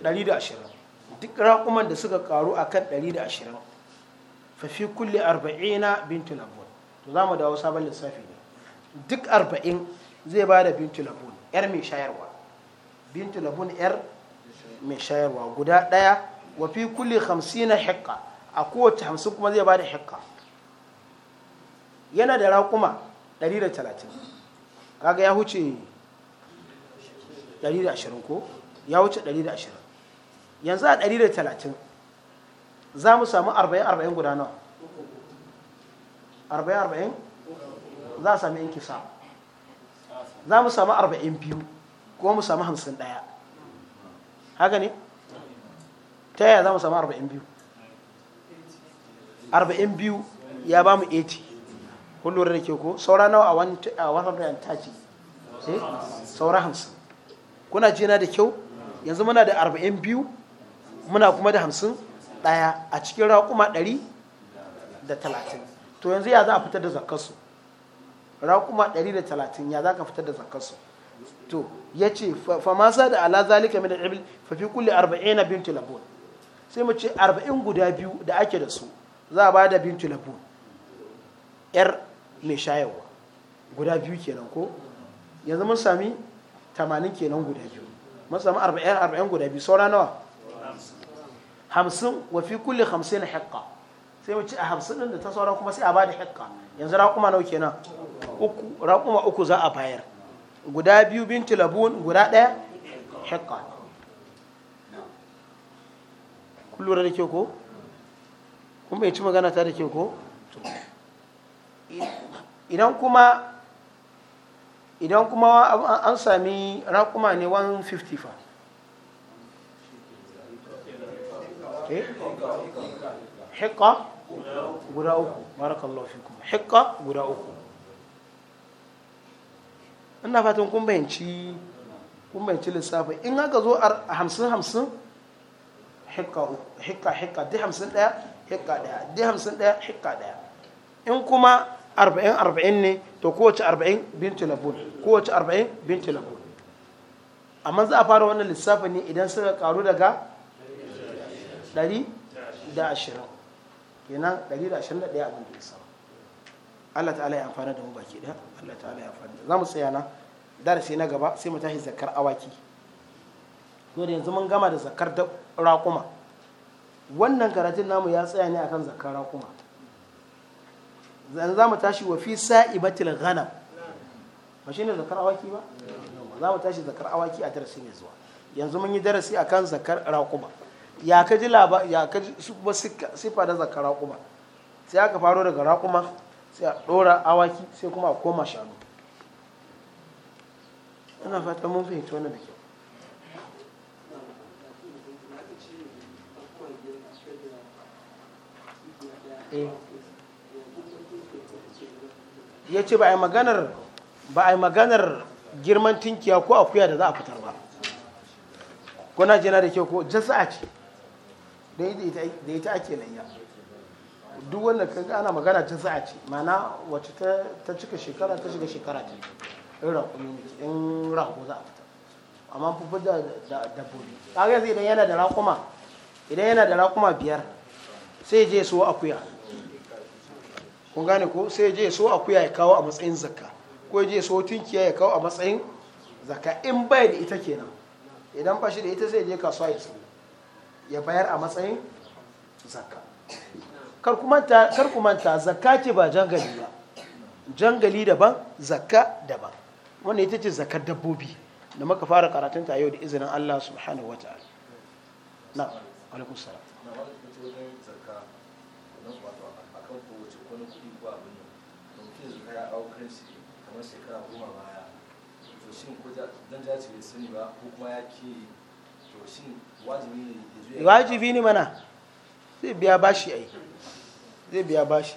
120 duk raƙuman da suka karu akan 120 fa fi kulli 40 bintul abun to zamu dawo sabon lissafi ne duk 40 zai bada bintul abun yar mai shayarwa bintul abun yar mai shayarwa guda daya wa fi kulli 50 hiqqa a kowace 50 kuma zai bada hiqqa yana da raƙuma 130 kaga ya huce 120 ko ya huce 120 yanzu a 130 za mu samu 40-40 guda nawa 40-40 za a sami yanki sa za mu samu 40 biyu ko mu samu 50 daya haka ne ta yaya za mu samu 40 biyu 40 biyu ya ba mu 80 kun lura da ke ko saura nawa a 130 eh? saura hamsin kuna jina da kyau yanzu muna da arba'in biyu muna kuma da hamsin daya a cikin raƙuma dari da talatin to yanzu ya za a fitar da zakarsu raƙuma talatin ya za ka fitar da zakarsu to ya ce famasa da ala zalika min da ibil fa fi kulli na bintu labun sai mu ce arba'in guda biyu da ake da su za a ba da bintu labun yar mai shayarwa guda biyu kenan ko yanzu mun sami 80 kenan guda biyu mun sami 40 guda biyu saura nawa 50 wa fi kulli 50 haƙƙa sai mu a 50 din da ta saura kuma sai a bada haƙƙa yanzu raƙuma nawa kenan uku raƙuma uku za a bayar guda biyu binti labun guda daya haƙƙa kullum da ke ko kuma ya ci magana ta da ke ko idan kuma idan kuma an sami raƙuma ne 150 fa eh? hikka guda uku kuma hikka guda uku ina fatan kumbayanci kumbayanci lissafi in haka zo a hamsin hamsin hikka hikka di hamsin daya hikka daya di hamsin daya hikka daya in kuma arba'in arba'in ne to kowace arba'in bintu labun kowace arba'in bintu labun amma za a fara wannan lissafin ne idan suka karu daga 120 kenan 121 abin da ya Allah ta'ala ya amfana da mu baki da Allah ta'ala ya amfana za mu tsaya na darasi na gaba sai mu tashi zakar awaki to da yanzu mun gama da zakar raƙuma wannan karatun namu ya tsaya ne akan zakar raƙuma za mu tashi wa fi sa'ibatil ghanam ba shine zakar awaki ba za mu tashi zakar awaki a darasi mai zuwa yanzu mun yi darasi akan zakar raƙuma ya ka ji labar ya ka ji ba sifa da zakar raƙuma sai aka faro daga raƙuma sai a ɗora awaki sai kuma a koma shanu ana fata mun fahimci wannan da kyau eh ya ce ba a yi maganar ba a yi maganar girman tinkiya ko akuya da za a fitar ba ko na jina da kyau ko jasa'a ce da ita ake layya duk wanda ka ana magana jasa'a ce mana wacce ta cika shekara ta shiga shekara ta yi raƙo ne in rako za a fitar amma fufu da dabbobi kaga yanzu idan yana da raƙuma idan yana da biyar sai je so akuya kun gane ko sai je so akuya ya kawo a matsayin zakka ko je so tunkiya ya kawo a matsayin zakka in bai da ita kenan idan ba shi da ita sai je kasuwa ya sayo ya bayar a matsayin zakka kar ku manta zakka ce ba jangali ba jangali daban zakka daban wannan ita ce zakkar dabbobi da muka fara karatunta yau da izinin Allah subhanahu wataala na alaikum salam ya wajibi ne ya ne mana zai biya bashi ai zai biya bashi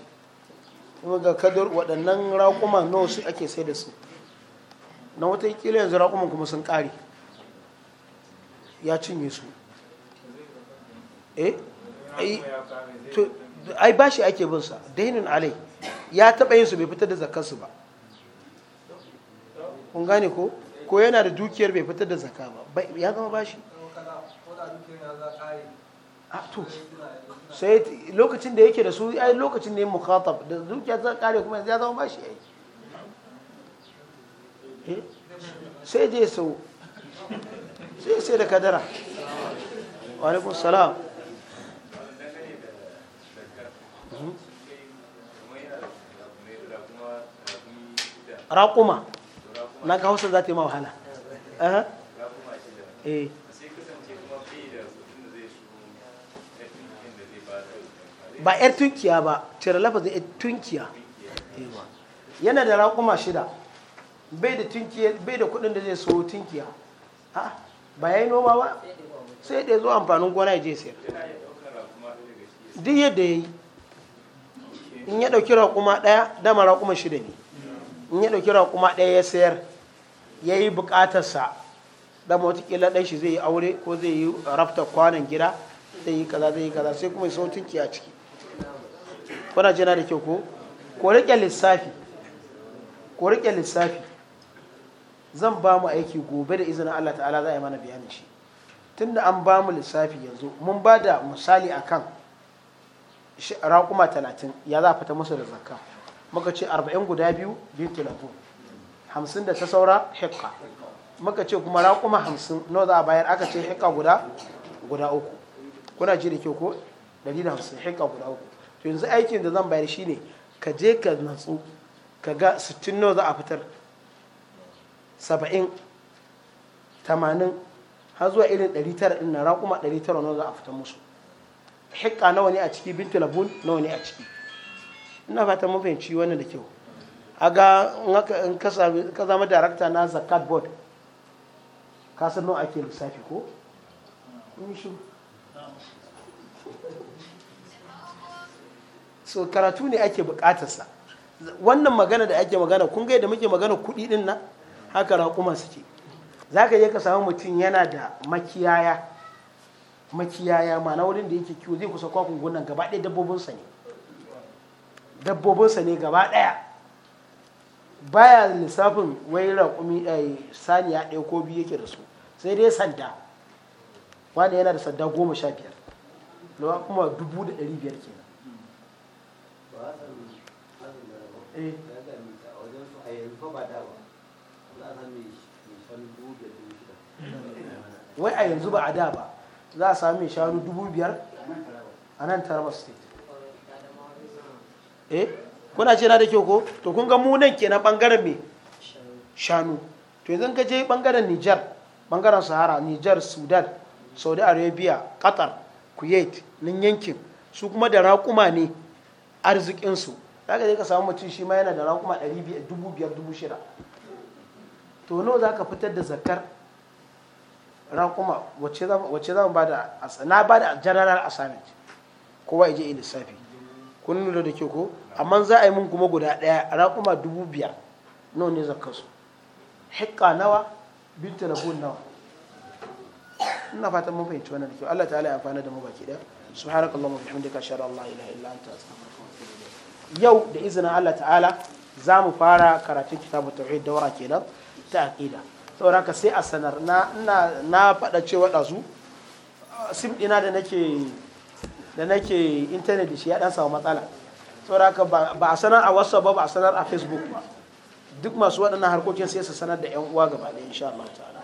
kuma ga kadar waɗannan raƙuma nawa su ake sai da su na wata ƙila yanzu raƙuman kuma sun ƙari ya cinye su eh ai bashi ake bin sa dainin alai ya taɓa yin su bai fitar da zakarsu ba kun gane ko ko yana da dukiyar bai fitar da zaka ba ya zama bashi to sai lokacin da yake da su ai lokacin ne mukhatab da dukiya kare kuma ya zama bashi ai eh? sai je sau sai sai da kadara wa alaikum salam hmm? raƙuma na ka hausa za ta yi ma wahala eh. ba yar tunkiya ba cire lafazin yar tunkiya yana da raƙuma shida bai da tunkiya bai da kuɗin da zai so tunkiya ba ya yi noma ba sai da ya zo amfanin gona ya je sayar duk yadda ya yi in ya ɗauki raƙuma ɗaya dama raƙuma shida ne in ya ɗauki raƙuma ɗaya ya sayar ya yi bukatarsa dama watakila ɗan shi zai yi aure ko zai yi rafta kwanan gida zai yi kaza zai yi kaza sai kuma sautin ki a ciki kuna jina da kyau ko ko riƙe lissafi ko lissafi zan ba mu aiki gobe da izinin Allah ta'ala za a yi mana bayanin shi tunda an ba mu lissafi yanzu mun ba da misali a akan raƙuma talatin ya za a fita masa da zakka muka ce arba'in guda biyu biyu talatin hamsin da ta saura hekka muka ce kuma raƙuma hamsin nawa za a bayar aka ce hekka guda guda uku kuna ji da kyau ko dari da hamsin hekka guda uku to yanzu aikin da zan bayar shine ka je ka natsu ka ga sittin nawa za a fitar saba'in tamanin har zuwa irin ɗari tara ɗin na raƙuma ɗari tara nawa za a fitar musu hekka nawa ne a ciki bintu labun nawa ne a ciki ina fatan mun fahimci wannan da kyau aga in ka zama darakta na zakat board ka san nawa ake lissafi ko so karatu ne ake bukatarsa wannan magana da ake magana kun ga da muke magana kuɗi din nan haka raƙuma ce za ka je ka samu mutum yana da makiyaya makiyaya mana wurin da yake kiwo zai kusa kwakwun gunan gaba ɗaya dabbobinsa ne dabbobinsa ne gaba ɗaya baya lissafin wai raƙumi eh, saniya ɗaya ko biyu yake da su sai dai sanda wani yana da sanda goma sha biyar lawa kuma dubu da ɗari biyar kenan eh. wai a yanzu ba a da ba za a sami shanu dubu biyar a nan taraba state eh kuna ce na da kyau ko to kun ga mu nan kenan bangaren me shanu to yanzu ka je bangaren Nijar bangaren Sahara Nijar Sudan Saudi Arabia Qatar Kuwait nan yankin su kuma da raƙuma ne arzikinsu za ka je ka samu mutum shi ma yana da raƙuma 500,000 to nawa za ka fitar da zakar raƙuma wacce za mu ba da na ba da general assignment kowa ya je lissafi kun lura da ke ko amma za a yi mun kuma guda ɗaya raƙuma dubu biyar nawa ne zakka su hikka nawa bin telefon nawa ina fatan mun fahimci wannan da kyau Allah ta'ala ya amfana da mu baki ɗaya wa bihamdika ashhadu an la ilaha illa anta astaghfiruka wa atubu ilayk yau da izinin Allah ta'ala za mu fara karatun kitabu tauhid daura kenan ta aqida saboda ka sai a sanar na na faɗa cewa ɗazu sim ɗina da nake da nake intanet da shi ya dan samu matsala sauraka ba a sanar a whatsapp ba ba a sanar a facebook ba duk masu waɗannan harkokin sai su sanar da 'yan uwa gaba ɗaya insha Allah ta'ala